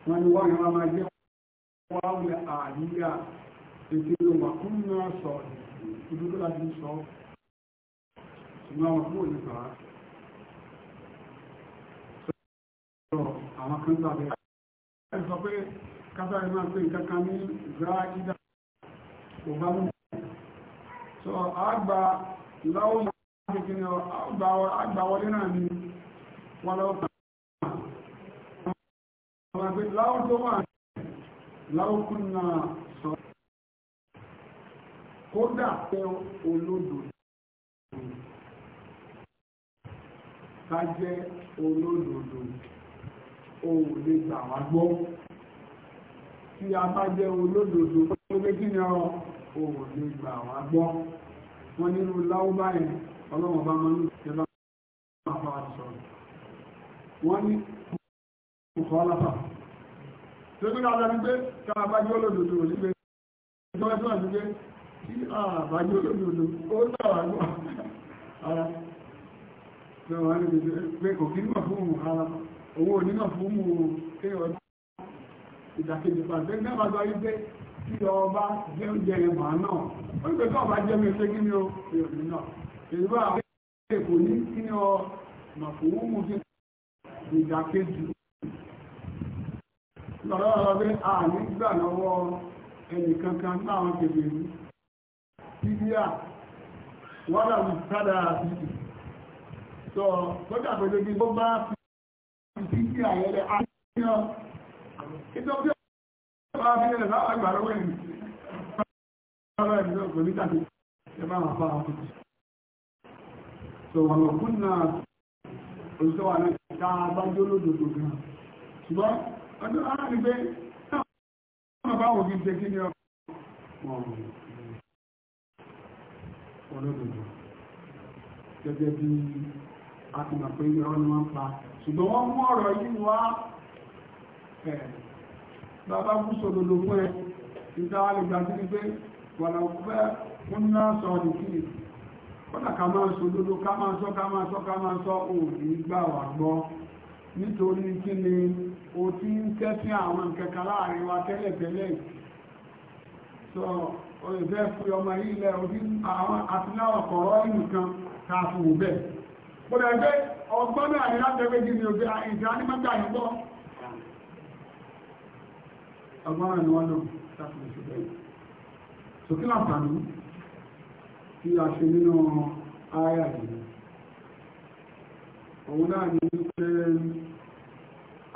wọn ni wọ́n yẹn máa jẹ́ wáwẹ̀ àríyá ètò ìlọ́wà fún náà sọ ìdúró láti sọ ṣùgbọ́n àwọn fún sọ àwọn kásáré máa pé nǹkan kan ní gbáàkídà kò bá mú so àgbà láwọ́ ìgbìkìní àgbà wọlé náà ni wọ́n lọ́wọ́ pàtàkì láwọ́ tó wà láwọ́ kún náà sọ kódà pé olódò ká jẹ́ olódòdò òun lè gbà wá gbọ́ tí a bá jẹ́ olódodo pé kí ni ọ òun lè gbà wá gbọ́ wọn nínú láwọ́ báyìí ọlọ́wọ́n bá máa ń ṣe bá máa fa sọ̀rọ̀ wọ́n ní ọkọ̀ ọlọ́pàá tó tó dáadáa ní pé tá a bá jẹ́ olódodo ò ní pé ìjọba tó wà ní pé tí a bá jẹ́ olódodo ó dáwà gbọ́ ara tó wà ní pé kò kí nímọ̀ fún òun ara owó onímọ̀ fún òun kéèyàn ìdàkejì pàṣẹ nígbà tó yí pé kí ọba jẹ oúnjẹ yẹn màá náà ó ń pèsè ọba jẹ mi ṣe kí ni o èrò náà èrò àwọn èkó ní kí ni ọ màfòwó mú sí ìdàkejì lọ́rọ̀ pé a nígbà lọ́wọ́ ẹnì kankan táwọn kèbè ní bíbíà wọ́n dà mí sádà àbíkì sọ kọjá pẹ̀lú bí ó bá fi bíbíà yẹn lẹ́ ìtọ́jú ọ̀pọ̀ abẹ́rẹ́ láwọn àgbà lọ́wọ́ ẹ̀mí ọ̀rọ̀ ẹ̀mí ọ̀gbọ̀n mítà ní ẹ̀bá àwọn afárá ọ̀tọ̀tọ̀ so wọn bá jó lódodo bá wò kí n ṣe kí ni ọ̀rọ̀ lódodo gẹ́gẹ́ bí a ti mọ̀ pé irọ́ bàbá kú sòdòdò fún ẹ ìdáwà lè gbàtí ní pé wàlà òkúfẹ́ fún náà sọ ọdún kí ni kọ́nà ká máa òní gbà wà gbọ́ nítorí kí ni o ti ń tẹ́sí àwọn kẹkà láàrin wa tẹ́lẹ̀tẹ́lẹ̀ sọ ọmọ àwọn àtiláwọ̀ kọ̀rọ̀ bẹ́ẹ̀ agbára ni wọ́n lò láti lè ṣe bẹ́ẹ̀. sókè láǹfààní tí a ṣe nínú ara yìí òun náà ní pé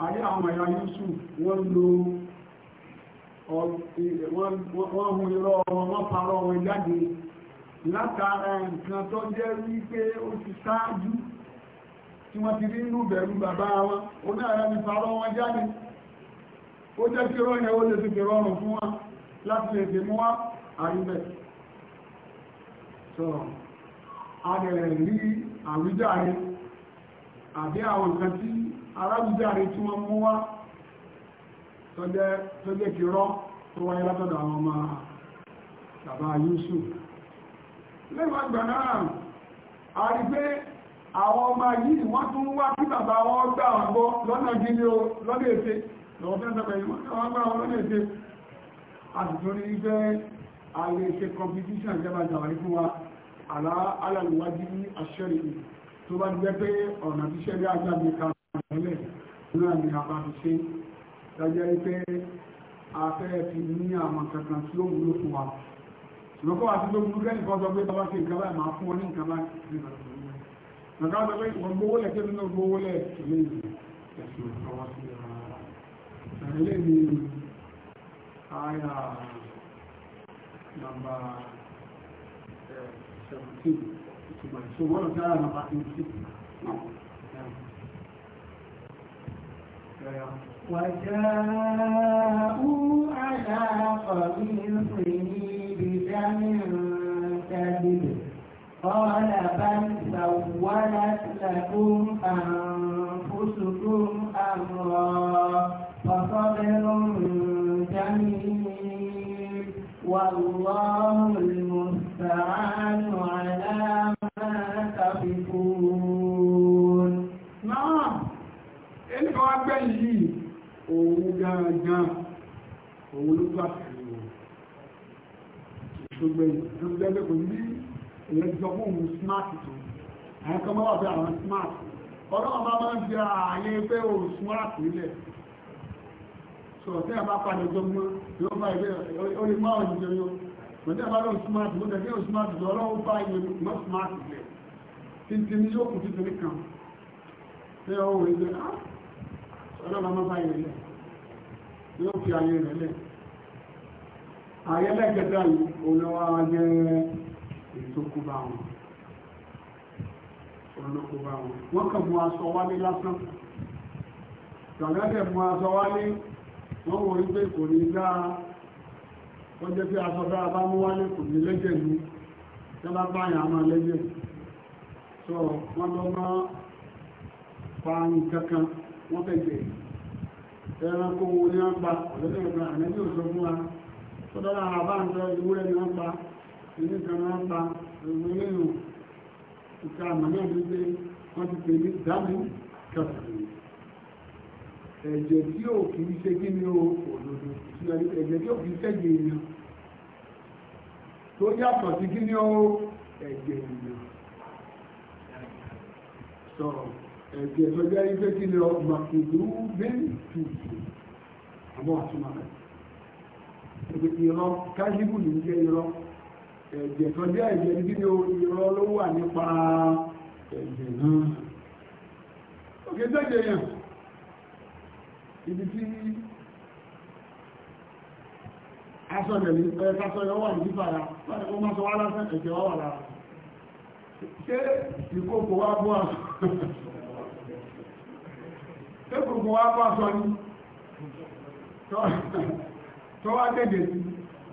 ayé àwọn ẹ̀yà yusuf wọ́n lo wọ́n hun irọ́ wọ́n parọ́ wọn jáde látara nǹkan tó jẹ́ wípé ó ti ṣáájú tí wọ́n ti rí inú bẹ̀rù bàbá wọn ó náà rẹ̀ parọ́ wọn jáde ó jẹ́ kí rọ́ ó lè ti fi rọrùn fún wa láti lè fi mú wa àríbẹ̀ sọ rí àbí àwọn nǹkan tí tí wọ́n mú wa tó jẹ́ kí rọ́ tó bàbá Yusuf lẹ́wọ̀n àgbà náà a rí pé àwọn ọmọ yìí wọ́n tún wá kí bàbá wọn wọn gbọ́ lọ́nà o lọ́wọ́ fẹ́ sọ́pẹ̀ ìwọ̀n káwà bá wọn lè ṣe àtìtorí ìgbẹ́ ààrẹ ṣe competition jẹba jàwárí fún wa alàlùwájú ní àṣẹ́rì tó bá jẹ́ pé ọ̀nà tí ṣẹ́rí ajáde kàrọ̀lẹ̀ nínú àmì àbáfiṣe dájẹ́ pé afẹ́ ti ní àwọn kankan tí ó wúlò fún wa ṣùgbọ́n àti tó burú lẹ́yìn kan sọ pé bàbá ṣe nǹkan báyìí máa fún ọ ní nǹkan báyìí ilé ni àyà nàmbà 17 ìtumọ̀ ìṣòwò ọ̀nà tí àyà nàmbà 18 وجاءوا على قميصه بدم كذب قال بل سولت لكم أنفسكم أمرا فصبر جميل والله المستعان على ما تصفون نعم ẹni kan wá gbẹ́ yìí òun gangan òun ló gbà pẹ̀lú ìṣògbè ìṣògbè kò ní èyẹ jọ fún òun smart tó àwọn kan bí àwọn smart ọlọ́run bá máa ń fi ààyè pé òun smart nílẹ̀ sọ̀rọ̀ tí a bá padà jọ mọ́ yóò bá ilé orí máa ń jẹ yóò mọ̀ a bá lọ́wọ́ smarti mọ́ tẹ̀lé smarti lọ ọlọ́wọ́ bá ilé mọ́ smarti lẹ̀ tí ti ní yóò kù sí torí kan tí ó wọ ilé ah! ọlọ́wọ́ máa bá ilé yóò fi ayé rẹ̀ lẹ̀ ayé lẹ́gẹ̀dá yìí olówó ara jẹ́ ìtókùbá wọn olókùbá wọn wọ́n kàn mú aṣọ wálé lásán tọ̀gẹ́dẹ̀ mú wọ́n wọ́n wípé kò ní dá ó jẹ́ pé asọ́dá bá mú wálé kò ní lẹ́jẹ̀ mú tí wọ́n bá pààyàn àmọ́ lẹ́jẹ̀ sọ wọ́n lọ mọ́ pààyàn kankan wọ́n fẹ̀jẹ̀ ẹranko wo ni wọ́n pa ọ̀lẹ́lẹ́ ìgbà ànẹ́bí ò sọ fún wa sọ́dọ́ àwọn àbáǹtọ́ ìwúrẹ́ ni wọ́n pa ìní kan ni wọ́n ẹ̀jẹ̀ tí ò kì í ṣe kí ni ó òdòdó ẹ̀jẹ̀ tí ò kì í ṣẹ̀jẹ̀ èèyàn tó yàtọ̀ sí kí ni ó ẹ̀jẹ̀ èèyàn sọ ẹ̀jẹ̀ tó jẹ́ ife kí ni ó màkùdú bẹ́ẹ̀ tùtù àmọ́ àtúmọ̀ rẹ̀ ìpè ìrọ̀ kájíbù ní jẹ́ ìrọ̀ ẹ̀jẹ̀ tó jẹ́ ẹ̀jẹ̀ kí ni ó tẹ́jẹ̀ yẹn ibi tí asọ̀lẹ̀ ẹ̀kásọ̀lẹ̀ wà ní fara láti kó máa sọ wá lásán ẹ̀jẹ̀ wá wà lára ṣé ìkókò wá bọ́ àṣọ ṣé kòkò wá bọ́ àṣọ ní tó wá gẹ́gẹ́ sí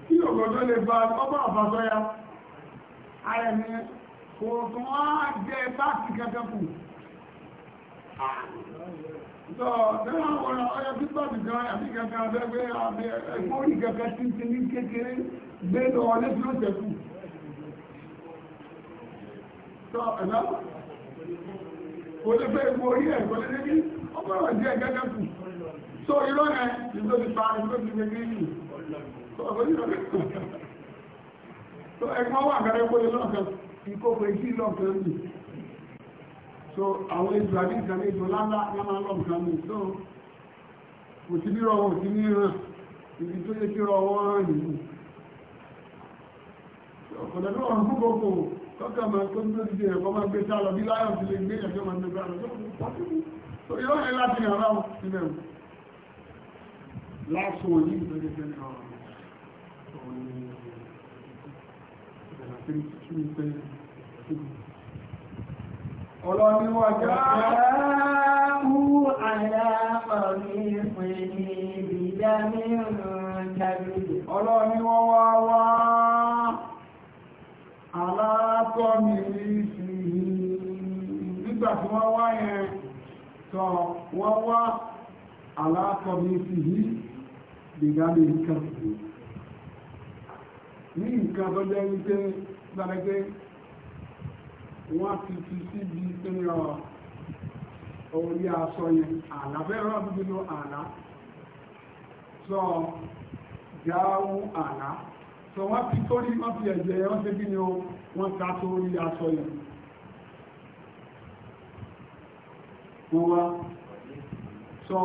kí òkò tó lè bá ọgbà àfàṣọ́yá ara ẹni kò tún wá jẹ́ bá ti kẹ́kẹ́ kù ah. Olé uh, uh, fẹ́ ìwò orí ẹ̀ kò lé níbi, ọmọ ìwọ̀n jẹ́ gẹ́gẹ́ kù. So irọ́ ẹ̀ ìlò ti pa ìlò ti gẹ́gẹ́ yìí. So ọ̀pọ̀ ìlò rẹ̀ kù. So ẹgbọ́n wà gẹ́rẹ́ kó lé lọ́kẹ́, ìkókò ìjì lọ́kẹ́ yìí so àwọn ètò àbí ìsàlẹ̀ ètò láńlá lámà lọ́bùkà mú so kò sí bí rọwọ́ sí ní hàn ibi tó yẹ kí rọwọ́ hàn nìyí ọ̀pọ̀lọpọ̀ ọ̀rọ̀ fún gbogbo tọ́kà máa tó tó ti ẹ̀kọ́ máa gbé sálọ bí láyọ̀ ti lè gbé ẹ̀kọ́ máa gbé sálọ tó yọ́ ẹ̀ láti yàrá ilẹ̀ lásán òní ìgbẹ́gbẹ́ ọlọ́ni wọ́jọ́ ráhù aláàmọ̀rí pẹ̀lú ìbílẹ̀ mìíràn tàbí ọlọ́ni wọ́n wá wá aláàtọ́mì sí nígbà tí wọ́n wá yẹn tọ́ wọ́n wá mi sí ìgbàmì nǹkan ní nǹkan tó jẹ́ wípé gbàgbé wọ́n fi fi síbi pínlẹ̀ orí aṣọ yẹn àlá fẹ́ràn gbogbo àlá sọ jáwó àlá sọ wọ́n fi tó rí wọ́n fi ẹ̀jẹ̀ wọ́n ṣe kí ni wọ́n ta tó rí aṣọ yẹn wọ́n wá sọ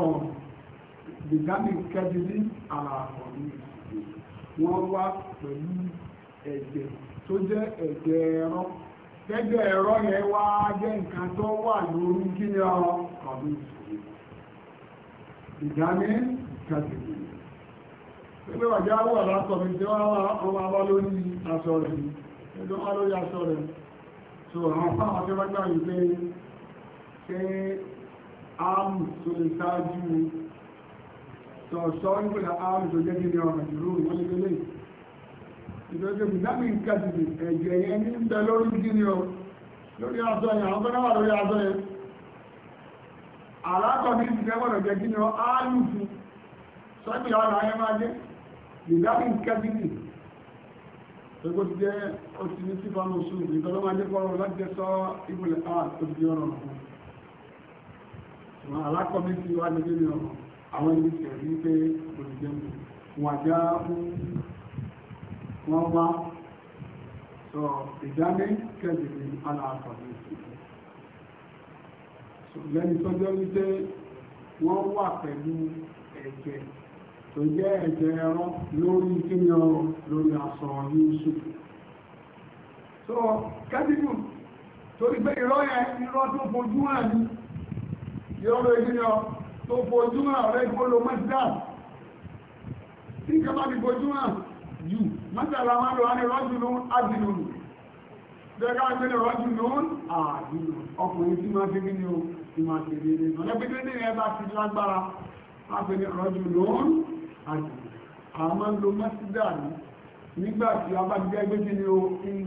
bìgámì kẹ́bìlì àlàkọ̀ ní wọ́n wá pẹ̀lú ẹ̀jẹ̀ tó jẹ́ ẹ̀jẹ̀ ẹran gẹ́gẹ́ ẹ̀rọ yẹn wá jẹ́ nǹkan tó wà lórí kí ni ọ kọ̀dún ìdáni kàtìkì pẹ̀lú ọjọ́ àwọ̀ alákọ̀ọ́bí tí wọ́n wá ọmọ abá lórí aṣọ rẹ̀ ẹjọ́ wá lórí aṣọ rẹ̀ so àwọn fáwọn tí wọ́n gbà yìí pé ṣé áàmù tó lè ṣáájú sọ̀sọ́ nígbà áàmù tó jẹ́ kí ni ọmọ ìrú ìwọ́n lé ìlọ́jọ́bù lámì ìkàtìdì ẹ̀jẹ̀ yẹn ní bẹ lórí gíní o lórí aṣọ yẹn àwọn bẹ́rẹ̀ wà lórí aṣọ yẹn àlákọ̀ ní ìsìnkẹ́ gbọ́dọ̀ jẹ́ gíní o áàlù fún sọ́bì ọ̀nà ayé máa jẹ́ ìdámì ìkàtìdì gbogbo ti jẹ́ oṣù ní sífà ní oṣù ìtọ́lọ́ máa jẹ́ kọ́rọ̀ láti jẹ́ sọ ìbùlẹ̀ àtòbí ọ̀rọ̀ ọ̀hún àlákọ̀ ní ti wá ní gíní o àwọn ìlú tẹ̀lé pé òṣìṣẹ́ wọn àjá fún wọ́n bá sọ ìdámé kẹ́bìrì aláàkọ̀ọ́lẹ̀ lẹ́ni tọ́jọ́ wípé wọ́n wà pẹ̀lú ẹ̀jẹ̀ tó jẹ́ ẹ̀jẹ̀ ẹran lórí kíni ọrọ̀ lórí aṣọ yíṣù so kẹ́bìrì torí pé irọ́ yẹn irọ́ tó fojú hàn ní yọ́rọ̀ ìdíni ọ tó fojú hàn ọ̀rẹ́ ìgbóló mẹ́sìdá tí ìjọba ti fojú hàn you mọ́tàlá máa lọ ní rọ́jùlú ádìlúrù dẹ́gbà ìpínlẹ̀ rọ́jùlú àdìlú ọkùnrin tí máa fi gíní o tí máa fi rí rí ọ̀lẹ́gbẹ́gbẹ́ ní ẹ̀bá ti lágbára láàpẹ́ ní rọ́jùlú àdìlú àmọ́ lo mọ́sídà ní nígbà tí a bá jẹ́ gbé gíní o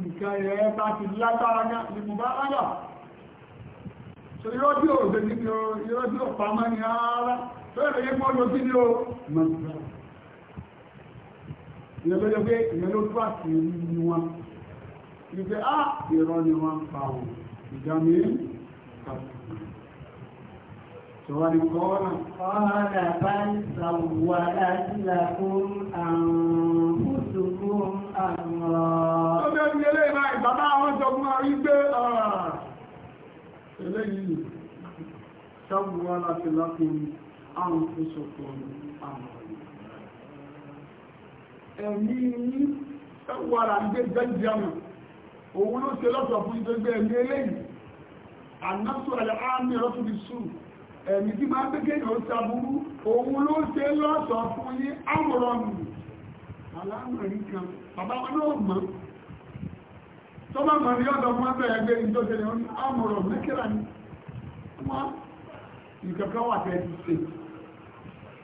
nǹkan ẹ̀ẹ́bá ti lágbára ní mo bá lágbà ìrọ́jú òṣèlú ìrọ́jú ọ̀pá máa ní ara fẹ́ẹ̀rẹ̀ yẹ́ ìyẹn ló jẹ́ pé ìyẹn ló tó àti rí ni wọn ní pé á ìrọ́ ni wọ́n ń pa wọn ìdámi kàtà Tọ́wàdí kọ́ọ̀nà. Ọ̀nà bá ń sàwọ̀ àdílà fún àwọn fúsùkú àwọn. Ọjọ́ ìgbélé ìmá ìbàbá àwọn jọmọ́ àrí gbé ọ̀rọ̀. Eléyìí, sàwọ̀ àdílà fún àwọn fúsùkú àwọn. ẹ̀mí yí ẹwàrà gbé bẹ́jìyàmù òun ló ṣe lọ́tọ̀ fún ìgbẹ́gbẹ́ ẹ̀mí eléyìí ànásù àmì ọ̀tún ìṣù ẹ̀mí tí máa gbé kéèyàn sàbúrú òun ló ṣe lọ́tọ̀ fún yí áwòránù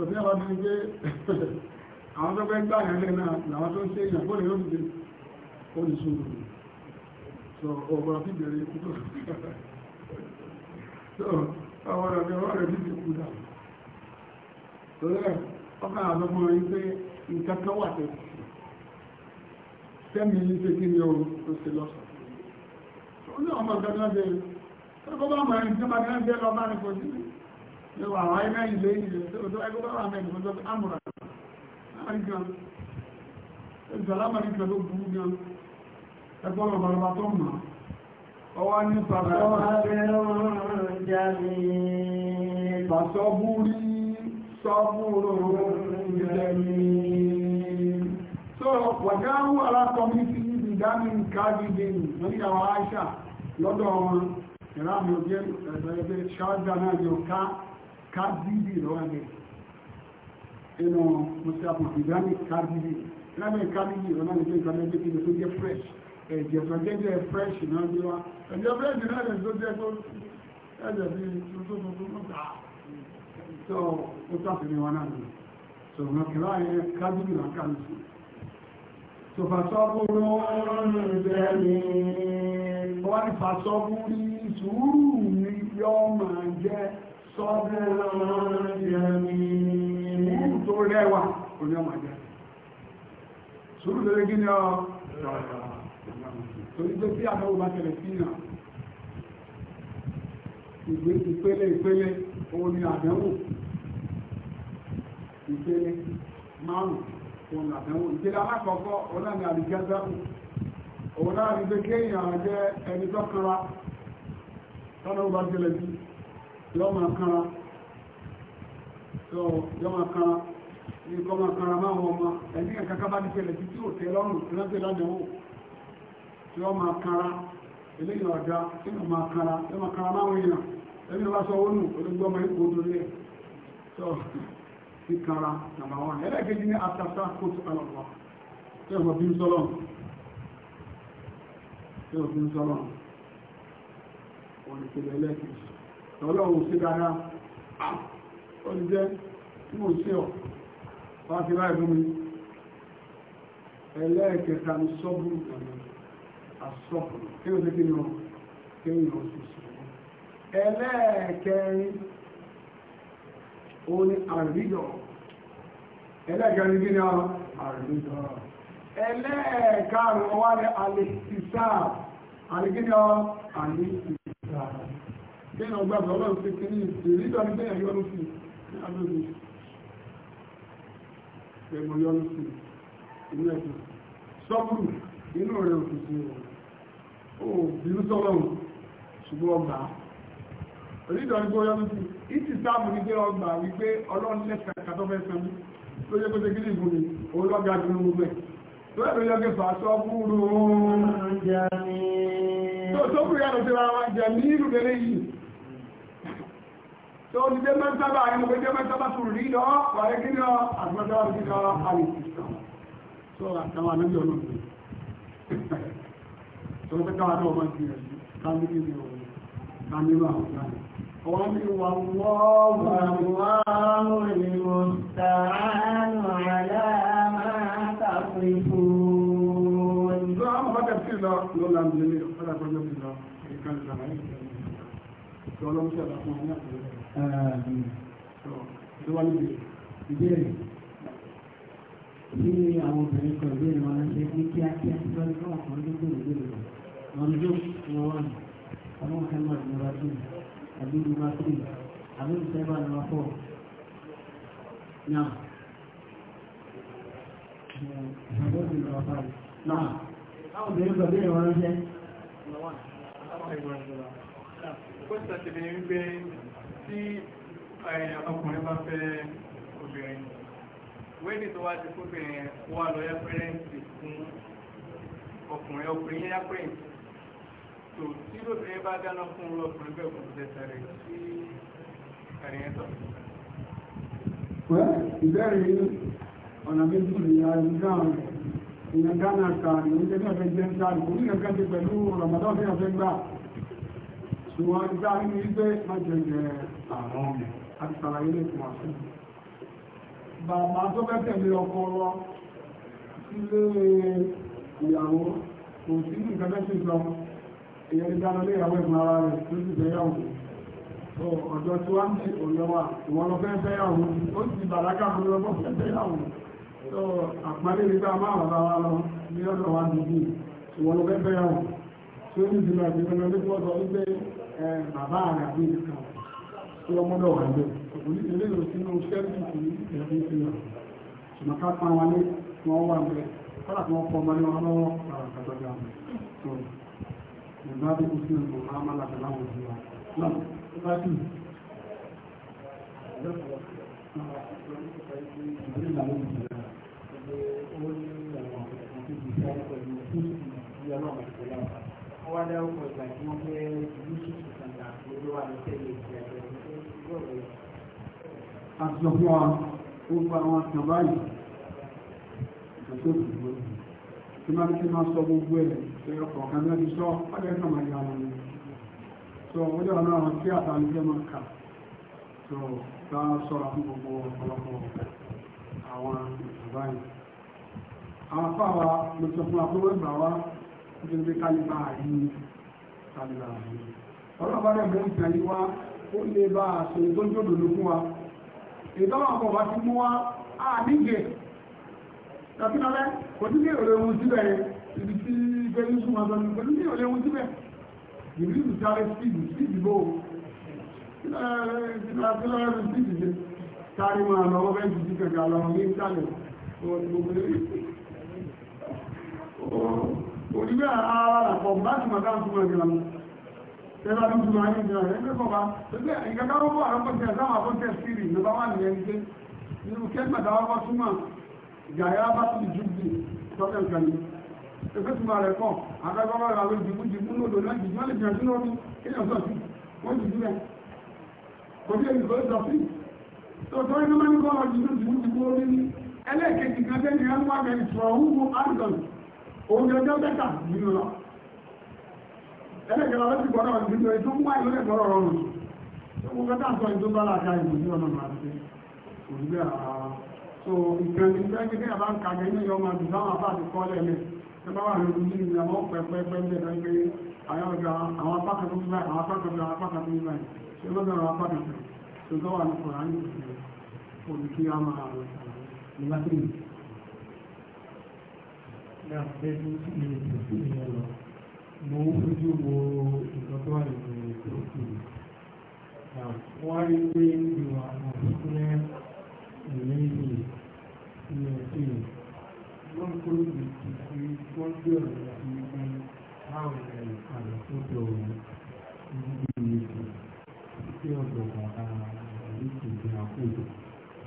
òfin àwọn tó ń gbé àwọn tó fẹ́ gbà yẹn lé náà làwọn tó ń ṣe èèyàn bó lè ló dìde ó so ọgbọ̀n fi bèrè ikú so àwọn ọ̀rẹ́ wọn rẹ̀ dìde kú dà so lẹ́yìn ọkàn àlọ́mọ yìí pé nǹkan kan wà tẹ̀ tẹ́mi yìí pé kí ni o tó ṣe lọ́sọ̀ọ́ ó ní ọmọ nǹkan náà bẹ̀rẹ̀ ẹgbẹ́ bá máa ń lọ́wọ́ àwọn ẹgbẹ́ ìlú ìlú tó ẹgbẹ́ bá wà mẹ́rin tó amúra àríkan ìsàlámà ní kan tó burú gan ẹgbọ́n ọ̀bàrọ̀bà tó mọ̀ ọwá ní pàṣọ́búrí sọ́búrò ìjẹ̀mí so wàjáwó alákọ̀ọ́mí sí ìdámi káàdìdì lórí àwọn àṣà lọ́dọ̀ wọn ìrámi òjẹ́ ẹ̀ẹ́dẹ̀ẹ́dẹ́ ṣáájá náà yóò ká kádìdì lọ́wọ́ ní inú mùsùlùmí ìdáni kádìdì lábẹ́ kádìdì lọ́wọ́ ní ìgbà méjì kí ni tó jẹ́ fresh ẹ̀jẹ̀ tó jẹ́ jẹ́ fresh náà ní wa ẹ̀jẹ̀ fresh náà lè tó jẹ́ tó ẹ̀jẹ̀ bí tuntun tuntun tó ta tó ó tàbí ní wọn náà ní sọ̀rọ̀ kìlá yẹn kádìdì là kà lùsù tó fàṣọ́bù lọ́rùn ìbẹ̀rẹ̀ wọ́n fàṣọ́bù ní sùúrù ní yọ́ máa jẹ́ sọ́bẹ̀rán jẹ́mi ní tó rẹwà orí ọmọ jẹ́ ṣúrù lórí gíní ọ torí tó tí àbẹ́wò bá tẹ̀lẹ̀ sí ìrìn ìgbé ìpele ìpele orí àbẹ́wò ìpele márùn-ún orí àbẹ́wò ìpele alákọ̀ọ́kọ́ olámi àdìjẹ́gbẹ́ òun láàrin pé kéèyàn jẹ́ ẹni tọ́kànra tọ́lọ́wọ́ bá tẹ̀lẹ̀ sí yọ́mà kanra yọ́mà máa wọ́n ma ẹni kankan bá ní pẹ̀lẹ̀ títí ò tẹ́ lọ́rùn lọ́gbẹ̀ lánàá yọ́mà kanra eléyìn ọ̀dá yọ́mà kanra yọ́mà kanra máa wọ́n èèyàn ẹni bá sọ wónù olóògbé ọmọ ipò lórí ẹ̀ tó ọmọ bí ń sọ́lọ́ tí ọmọ lọ́lọ́wọ́ sí dára oúnjẹ tí mo sí ọ̀ wá sí láì fún mi ẹlẹ́ẹ̀kẹta ní sọ́bùrù tàbí àsọ́bùrù tí ó lékè náà kéyìn lọ sí sọ́bùrù ẹlẹ́ẹ̀kẹrin ó ní àrídọ̀ ẹlẹ́ẹ̀kẹrin bí náà àrídọ̀ ẹlẹ́ẹ̀karùn-ún wá ní alẹ́sísáà àrígídọ̀ àrísísáà kéèyàn ọgbà bọ̀ ọlọ́run ṣe kí ní ìrírí ìgbà ní kéèyàn sí ní abẹ́bí ẹ̀mọ̀ yọ́nú sí inú ẹ̀sìn sọ́kùrù inú rẹ̀ òkú sí o bínú sọ́lọ́run ṣùgbọ́n ọgbà onídọ̀ ní gbọ́ sí ìtì sáàmù ní pé ọgbà wípé ọlọ́run lẹ́ka tó ẹ̀rọ yọ gẹ̀fà sọ́kùrù tó sọ́kùrù yàtọ̀ sí ra wọn tó ní jẹ́ mẹ́sàbà ẹni pé jẹ́ mẹ́sàbà tó rí lọ wàyé kí ni ọ àgbẹ̀sàbà ti lọ àlè tó àtàwọn àlejò ọlọ́pẹ́ tó fẹ́ káwọn àdó ọmọ ìgbìyànjú káwọn kí ni ọ̀rọ̀ káwọn àwọn ìlànà wọ́n ní wà wọ́n wà wọ́n ní wọ́n tààánù àdáàmà tàbíkú Ìjọ́ àwọn ọmọdé sí lọ lọ́la ń lè ní ọ̀pẹ́lẹ̀ ọjọ́ ìlọ ìkàlẹ̀ ìlànà ìjọ́ ọlọ́mọṣẹ́ àdáfún ọmọ ìyàtọ̀ ló wá níbi ìbéèrè tí àwọn obìnrin kan ìbéèrè wọn lọ ṣe ní kíákíá tí wọ́n lọ́wọ́ kan ní gbèrò gbèrò lọ. wọn jó wọn wà ní àwọn ọ̀hẹ́mà ní wọ́n tó àbí ní wọ́n tó àbí ní sẹ́bà ní wọ́n pọ̀. náà ìṣàkóso ìjọba báyìí. náà àwọn obìnrin kan ìbéèrè wọn lọ ṣe. Kọ́sítà ti bẹ̀rẹ̀ wípé tí ọkùnrin bá fẹ́ obìnrin wéèdì tó wá ti kóbìnrin wà lọ yá pẹ́rẹ́ǹtì fún ọkùnrin ọkùnrin yá pẹ́rẹ́ǹtì tó tí lóbìnrin bá dáná fún ọkùnrin bẹ́ẹ̀ kò tẹ̀sẹ̀ rẹ̀ sí ẹ̀rìn tọ̀. ìbéèrè ọ̀nà méjì ni a ń dáhùn ìyẹn dáná kan ìyẹn tẹ́lẹ̀ fẹ́ jẹ́ ń sáré kò ní ẹ̀ka ti pẹ̀lú rọ̀mọ́dọ́ fẹ́ fẹ́ gbà ṣùgbọ́n ìgbà nínú ilé májèjì àwọn ọmọ àti sàlàyé lè fún àṣẹ bàbá tó fẹ́ tẹ̀lé ọkọ lọ sílé ìyàwó kò sí nǹkan mẹ́sìn lọ èyẹ ní dáná lé ìyàwó ìmọ̀ ara rẹ̀ tó sì fẹ́yàwó tó ọ̀dọ̀ tí wá ń bí òyẹwà ìwọ̀n lọ fẹ́ fẹ́yàwó ó sì bàlákà fún lọ́gbọ́ fẹ́ fẹ́yàwó tó àpálẹ́ nígbà máa bàbá wa ní ọ̀dọ̀ wa dùn bí ìwọ̀n lọ fẹ́ fẹ́yàwó tí ó ní ìdílé àti ìrìnà ló pọ̀ sọ wípé bàbá rẹ̀ àbí ìkan tí ọmọdé wà lé òní ilé ìlú sínú sẹ́ẹ̀sì kì í ẹ̀bí ìpínlẹ̀ ṣùgbọ́n ká pa wọn lé wọn wà ń bẹ kọ́lá tí wọ́n fọ ọmọ ní wọn lọ́wọ́ àgbàgbà wọn tó ìgbà bí kò sí ìlú máa má làbẹ̀ láwọn òbí wa náà ó bá dì Thank you wá dárúkọ ìgbà tí wọ́n fẹ́ yusuf kàńtà lórí wa ní tẹ́lẹ̀ ìgbà àtìlọ́pọ̀ ó fa àwọn àtàn báyìí ìtàkùnkùn tí máa tí máa sọ gbogbo ẹ̀ ṣe ọkọ̀ kan náà ti sọ ọjọ́ ìtàn máa yà wọn ni so ó jẹ́ ọ̀nà àwọn tí àtàlù jẹ́ máa kà so bá sọ̀rọ̀ fún gbogbo ọ̀pọ̀lọpọ̀ àwọn ìtàn báyìí àwọn afáwa ló sọ fún wa pé wọ́n gbà wá nítorí kálíbà àrí kálíbà àrí ọlọ́pàá rẹ̀ mú ìtàn yìí wá ó lè bá aṣọ tó ń jòdò ló fún wa ìtọ́wọ́ àpọ̀ bá ti mú wa á nígè tàbílẹ̀ kò ní lè rẹ̀ ohun síbẹ̀ ibi tí gẹ́gẹ́ sún wọn sọ́nà kò ní lè rẹ̀ ohun síbẹ̀ ìbí ìlú sáré síìdì síìdì bó sílẹ̀ síìdì ṣe sáré máa lọ wọ́n fẹ́ jù sí kẹ̀kẹ́ lọ ní ìsàlẹ̀ òdígbé ara àpọ̀ láti màdá túnmọ̀ ìgbìmọ̀ tẹ́lá ní túnmọ̀ ayé ìgbìmọ̀ rẹ̀ ẹgbẹ́ kọba ẹgbẹ́ ìgbàgbọ́ bọ́ àrọ́pọ̀tẹ̀ àtàwọn àpọ̀tẹ̀ sírì nígbà wà ní ẹni pé nínú kẹ́gbàdá wọ́n túnmọ̀ gàyà bá ti jù bí tọ́lẹ̀ nǹkan ni ẹgbẹ́ túnmọ̀ rẹ̀ kọ́ àgbàgbọ́ rẹ̀ àwọn ìdìbò jìbú lòdò náà jìbú lè jẹ́ sínú omi kéèyàn sọ sí wọ́n jù sílẹ̀ kò bí èyí kò sọ sí tòótọ́ iná máa ń kọ́ ọ jìbú jìbú jìbú omi ẹlẹ́ẹ̀kejì kan tẹ́ni ẹ̀ ń wá bẹ̀rẹ̀ sọ̀rọ̀ òun ni ọjọ́ mẹ́ta nínú lọ ẹlẹ́gbẹ̀rẹ̀ lọ́sí gbọ́dọ̀ nínú ètò mú àìlú lẹ́gbọ́rọ̀ rọrùn ṣùgbọ́n kẹta sọ ètò bá láàká ìlú ní ọ̀nà máa ṣe òṣìṣẹ́ ara so ìkan ní pé gẹ́gẹ́ bá ń ka gẹ́ ní ọmọ àti sáwọn apá àti kọ́ lẹ́lẹ̀ ẹ bá wà lórí ní ìlú àwọn pẹpẹpẹ ń bẹ̀rẹ̀ pé àwọn apá kan tó ń báyìí àwọn apá kan tó ń báyìí ṣé lọ́dọ̀ àwọn apá kan tó ń báyìí náà pẹ̀lú ilé ìtòkù ìyẹn lọ mo ń fojú wo nǹkan tó wà nínú ìtòkù wọ́n rí pé ìwà àtúnṣe ìlú ìlú ìlú ìlú wọ́n kúrò ní ìtòkù wọ́n gbé ọ̀rọ̀ sí ibi táwọn ẹ̀rọ àlọ́ tó dọ̀rọ̀ ìlú ìlú tí ọ̀dọ̀ bàbá ìlú ìlú àkójọ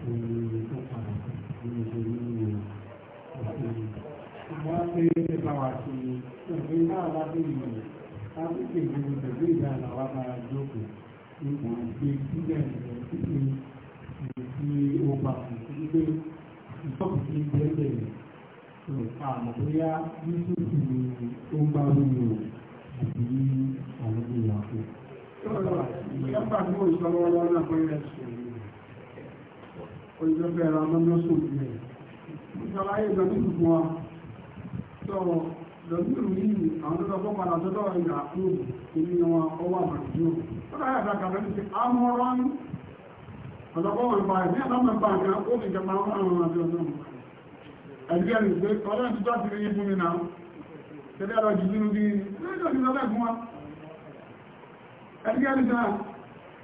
òun ló wọ́n pé ẹgbà wà sí òfin náà wá sí ìlú lábùkù ìlú pẹ̀lú ìdá àlàwà máa jókòó ipò ìgbé sílẹ̀ ìrẹ̀ títí ìrètí ọgbà òkú pé ìtọ́kù sí ìgbẹ́lẹ̀ àmọ́ bóyá yíṣùkù ni ó ń bá wúlò àbí àwọn ìyàwó. Ìjọba ní òṣèlú ọlọ́run àpẹẹrẹ ṣe òṣèlú ẹ̀rọ amọ́nà sóògùn ẹ̀. Ìjọba ayé ìgbà ní ìgbìmọ̀ tó lọ́dún yìí àwọn tó lọ́kọ́ padà tó lọ́wọ́ ìyá àkúrò èmi wọn ọwọ́ àbàjọ́ ó dáyà dá kàfẹ́ ní ti amọ́rán ọ̀dọ́kọ́ wọn bá ẹ̀ ní àtàwọn ẹ̀bá kan ó ní ìjọba àwọn àwọn àti ọ̀dọ́ ẹ̀dígẹ́ ní pé ọlọ́run ti jáde ní fún mi náà tẹ́lẹ̀ ọ̀rọ̀ jù nínú bí ẹ̀dígẹ́ ní sọ́lẹ̀ fún wa ẹ̀dígẹ́ ní sáà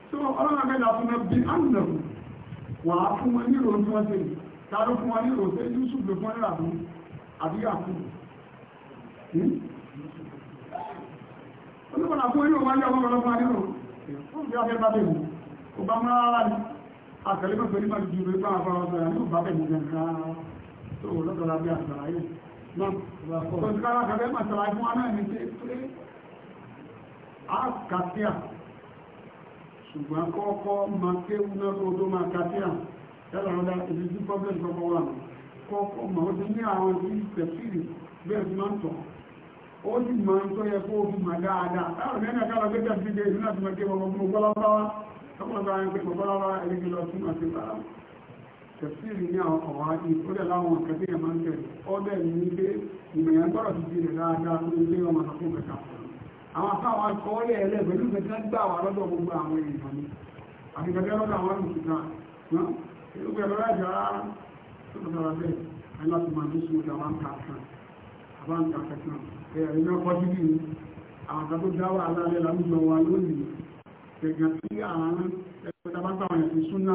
tó ọlọ́run akẹ́jà fún mi bí ánìlẹ̀kùn wà á fún wọn ní ìròyìn tí wọ́n ṣe tààrù fún wọn ní Olúkọ̀nà fún inú wáyé ọmọ ọlọ́pàá nínú, fún bí ọfẹ́ bá bẹ̀ mú, kò bá máa rárá ní, àtẹ̀lẹ́gbẹ̀ pẹ̀lú máa jù rẹ̀ bá àfára ọ̀sẹ̀ àníkò bá bẹ̀ mú jẹ́ nǹkan tó lọ́tọ̀lá bí àtàrà yìí. Náà, ọ̀sìkára kàbẹ́ máa tàrà fún aná ẹni pé àkàtíà, ṣùgbọ́n kọ́kọ́ máa kéwú náà tó tó máa kàtíà, yálà rọ́dá ìdí tí pọ́blẹ̀ kọ́kọ́ ó sì mọ̀ ń tó yẹ kó o fi mọ̀ dáadáa táwọn ní ẹ̀ka lọ gbẹ́jà sí ilé ìlú láti mọ̀ kí ọmọ ọmọ gbọ́lábáwá tọ́kọ̀lọ́gbà ń pè gbọ́lábáwá ẹ̀lẹ́gbẹ̀ lọ sí mọ̀ sí bàrá tẹ̀síìrì ní àwọn ọ̀wá ní ìkọ́lẹ̀ láwọn kẹfí ẹ̀mọ́ ń tẹ̀lé ọdẹ ní pé ìmọ̀yàn gbọ́dọ̀ ti di rẹ̀ dáadáa tó ilé ọmọ àkókò kẹta àwọn afáwọn akọọ́lẹ̀ ẹlẹ́ pẹ̀lú ìgbẹ́jọ́ gbà wà lọ́dọ̀ gbogbo àwọn èèyàn ni àti kẹfẹ́ lọ́dọ̀ àwọn olùsìnká ìlú pẹ̀lú ẹ̀jọ̀ rárá tó tọ́tọ́ rẹ̀ bẹ́ẹ̀ aláàtúmọ̀ ní sùn ìjọba ń ta kan àbáǹkà kẹta ẹ̀rí náà kọ́ síbí ni àwọn kan tó dá wà lálẹ́ láwùjọ wa lónìí gẹ̀gẹ̀ tí àwọn ẹgbẹ́ tabata wọn ẹ̀sìn súnà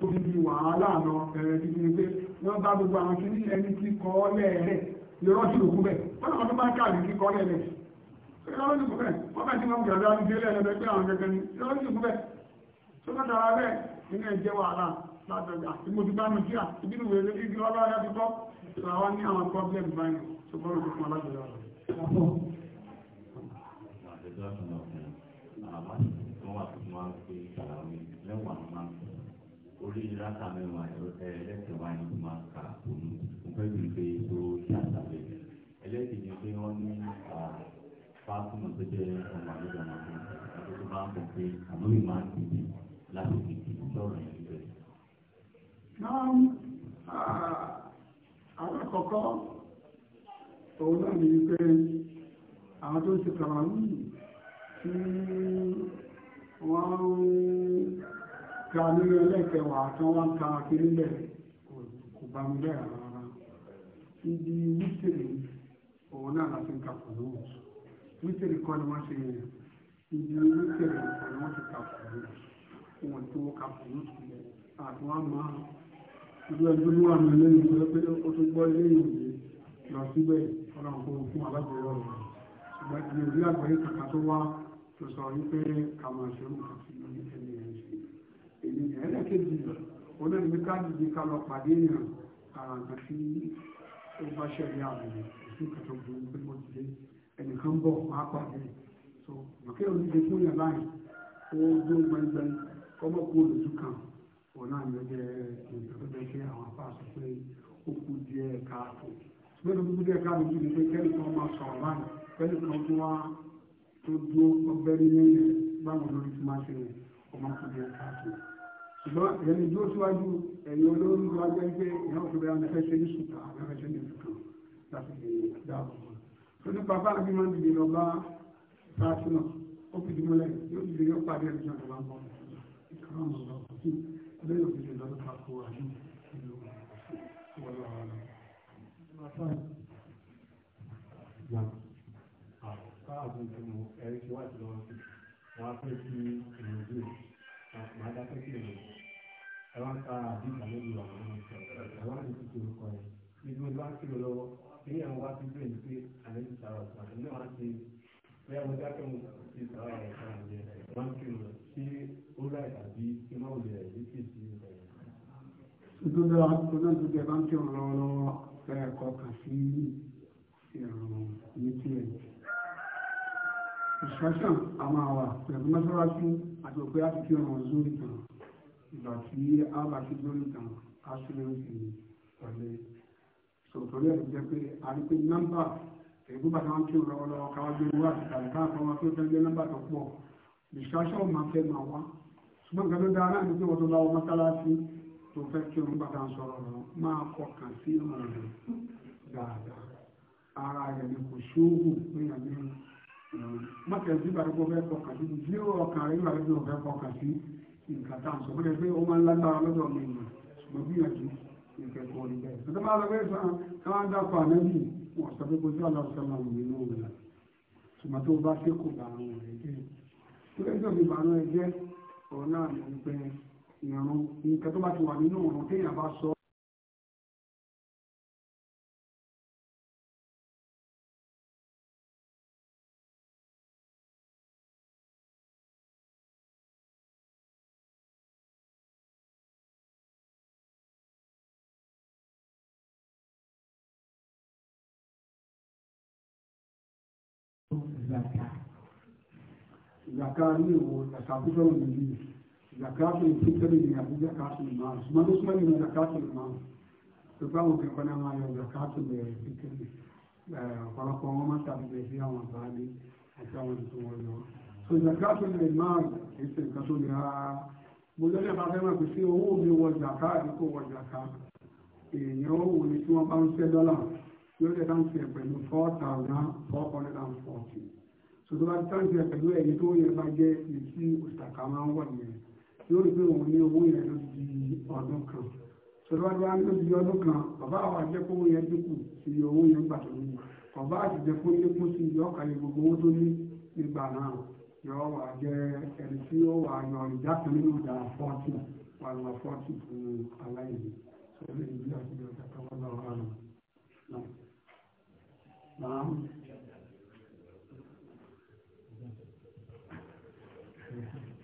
tó fi di wàhálà lọ ẹ̀rẹ̀ títí ni pé wọ́n bá gbogbo àwọn kìíní ẹni tí kọ́ lẹ́ẹ̀rẹ́ yọrọ sí òkú bẹ́ẹ̀ wọ́n náà wọ́n tó bá káàdì tí kọ́ lẹ́ẹ̀rẹ́ yọrọ sí òkú bẹ́ẹ̀ wọ́n bá ti wọ́n gbàgbé àwọn ìdílé ẹ̀rẹ́ pé àwọn gẹ́gẹ́ ni yọrọ sí òkú bẹ́ẹ̀ tó bá tara bẹ́ẹ̀ nínú ẹ̀jẹ̀ wàhálà látọ̀gbà ìmọ̀tí bá mi jíà ìbínú wẹ̀rẹ̀ ìgbìlọ́lọ́ ṣùgbọ́n òkú fún alágbèrè àwọn àjẹjọ́ àtúnlọ fún àbá tó wà fún wa pé kàràwé lẹ́wọ̀n máa orí ìrákà mẹ́wàá ẹlẹ́kẹ̀wá ni mo máa kà fún un fẹ́ bí pé tó ṣàtàlẹ̀ ẹlẹ́kẹ̀ẹ́ pé wọ́n ní fáfúnù tó jẹ́ ọmọ àlejò àwọn ọmọ ẹgbẹ́ tó bá òun náà ní wípé àwọn tó ń ṣe kàràwù tí wọ́n ń ka nínú ẹlẹ́kẹwàá tán wá ń ka kiri lẹ̀ kò bá mi bẹ́ẹ̀ rárá ibi wítìrì òun náà láti ń ka pẹ̀lú wítìrì kọ́ ni wọ́n ṣe ibi wítìrì kọ́ ni wọ́n ti ka pẹ̀lú wọn tó ka pẹ̀lú sílẹ̀ àti wọ́n máa ìlú ẹgbẹ́ ló wà ní ilé ìwé pé ó tó gbọ́ ilé ìwé lọ síbẹ̀ ọlọ́run kó fún alágbèrè ọ̀rọ̀ rẹ̀ ṣùgbọ́n ìdí orí àgbáyé kàkà tó wá tó sọ wípé ká máa ṣe orúkọ sí lórí ẹni ẹ̀ ṣe èyí ni ẹlẹ́kẹ̀jì olóyìnbí káàdìdì ká lọ pàdé èèyàn ara nǹkan tí ó bá ṣẹlẹ̀ àwọn èsì kàtó gbogbo pé mo ti dé ẹnìkan bọ̀ máa pàdé so màkẹ́ oníṣe fún yàn láì ó gbó gbẹngbẹng kọ́mọ́kú olùtú kan òun náà ló jẹ́ nǹkan tó jẹ́ apá àṣọ pé ó kú díẹ̀ káàtó lórí gbogbo díẹ̀ ká lójú ni pé kẹ́lì kan máa sọ̀rọ̀ báyìí kẹ́lì kan tó wá tó dúró ọgbẹ́ rí lẹ́yìn báwọn lórí ti máa ṣe rẹ̀ ọmọ kò díẹ̀ ká tó. ṣùgbọ́n ẹni dúró síwájú ẹ̀yìn olórí ló wá jẹ́ pé ìyá òkè bẹ́ẹ̀ ni fẹ́ṣẹ́ ní sùtà àbẹ́ fẹ́ṣẹ́ ní sùtà láti lè dáàbò wọn. tó ní bàbá àbí máa ń dìde lọ bá sáàtúnà ó fi dìbò lẹ́yìn yóò dìde yóò káàkiri tí mo ẹ̀rí tí lọ́wọ́ sí wọ́n á sí ìrìnàjò máa dá fẹ́ sí ìrìnàjò ẹ wá ń ka àdìgbà lórí àwọn ọmọ ẹ wá ní lọ sí bẹ́ẹ̀ ni pé àlẹ́ ti sàrọ̀ ìgbàlódé náà wá sí bẹ́ẹ̀ mo ti sàrọ̀ ìgbàlódé bẹ́ẹ̀ kọkàn sí ìrùn ní tiẹ̀. ìṣẹ́sàn a máa wà pẹ̀lú mọ́sálásí àti òpé láti kí ọ̀ràn zórí tàn ìgbà tí a bá ti zórí tàn a sì ń fi pẹ̀lẹ́. sòtòrí ẹ̀ jẹ́ pé a rí pé nọ́mbà èyí bàtà wọn kí lọ́wọ́lọ́wọ́ káwá gbé wá àtìkàlẹ̀ káàkiri wọn tó fẹ́ gbé nọ́mbà tó pọ̀ ìṣẹ́sàn máa fẹ́ máa wá ṣùgbọ́n nǹkan tó dáa wọ́n tó lọ́wọ́ mọ́sálásí tó fẹ́ kí òun bàtà ń sọ̀rọ̀ lọ máa kọkàn sí ìmọ̀ rẹ̀ dáadáa ara rẹ̀ ni kò ṣóògùn níyà ní mọ́tẹ̀sí ìbàdíkọ́ fẹ́ kọkàn sí ní zero ọkàn rẹ̀ ìbàdíkọ́ fẹ́ kọkàn sí nǹkan tá à ń sọ fúnlẹ̀ pé ó máa ń lágbára lọ́dọ̀ mi ìmọ̀ ṣùgbọ́n gbìyànjú nǹkan ẹ̀kọ́ ni bẹ́ẹ̀. tó bá lọ pé sàn ká máa ń dákọ̀ ànábì wọ́n sọ pé kò sí aláṣọ́lá òun nínú òun rẹ̀ ṣùgbọ́n tó bá ṣe kò bá ìrún nǹkan tó bá ti wà nínú ọ̀rọ̀ téèyàn bá sọ zaka ní ìwò ẹ̀sàkúsọ̀rọ̀ nìyí zakatul fitri ni àbí zakatul mal ṣùgbọ́n tó súnmọ́ nínú zakatul mal tó bá wọn kẹ́kọ̀ọ́ náà máa yọ zakatul fitri ọ̀pọ̀lọpọ̀ wọn máa tàbí sí àwọn àbáyé àti àwọn ètò wọn lọ so zakatul mal kìí ṣe nǹkan tó lè rárá mo lọ́dẹ̀ bá fẹ́ máa pèsè owó mi wọ zaka àti kò wọ zaka èèyàn ó wò ní tí wọ́n bá ń fẹ́ dọ́là yóò lè dáhùn sí ẹ̀ pẹ̀lú four thousand four hundred and forty so tó bá dáhùn sí ẹ̀ pẹ̀lú ẹ̀yìn tó yẹ bá jẹ́ ìtí òṣìṣàkà máa ń wọ̀ lórí pé òun ní owó yẹn ló di ọdún kan sọlọ́dún wa ló di ọdún kan bàbá àwọn àjẹkówó yẹn dínkù sí iye owó yẹn gbà tó ní bàbá àtijọ́ fún lékún sí iye ọkà yẹn gbogbo owó tó ní nígbà náà yọ wà jẹ ẹni tí ó wà yọ ìjà kan nínú ìdá fọ́ọ̀tì wà lọ fọ́ọ̀tì fún aláìní sọlọ́ ìdí àti ìjọba tó wà lọ́wọ́ àná.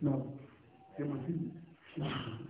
No ṣe mọ̀ sí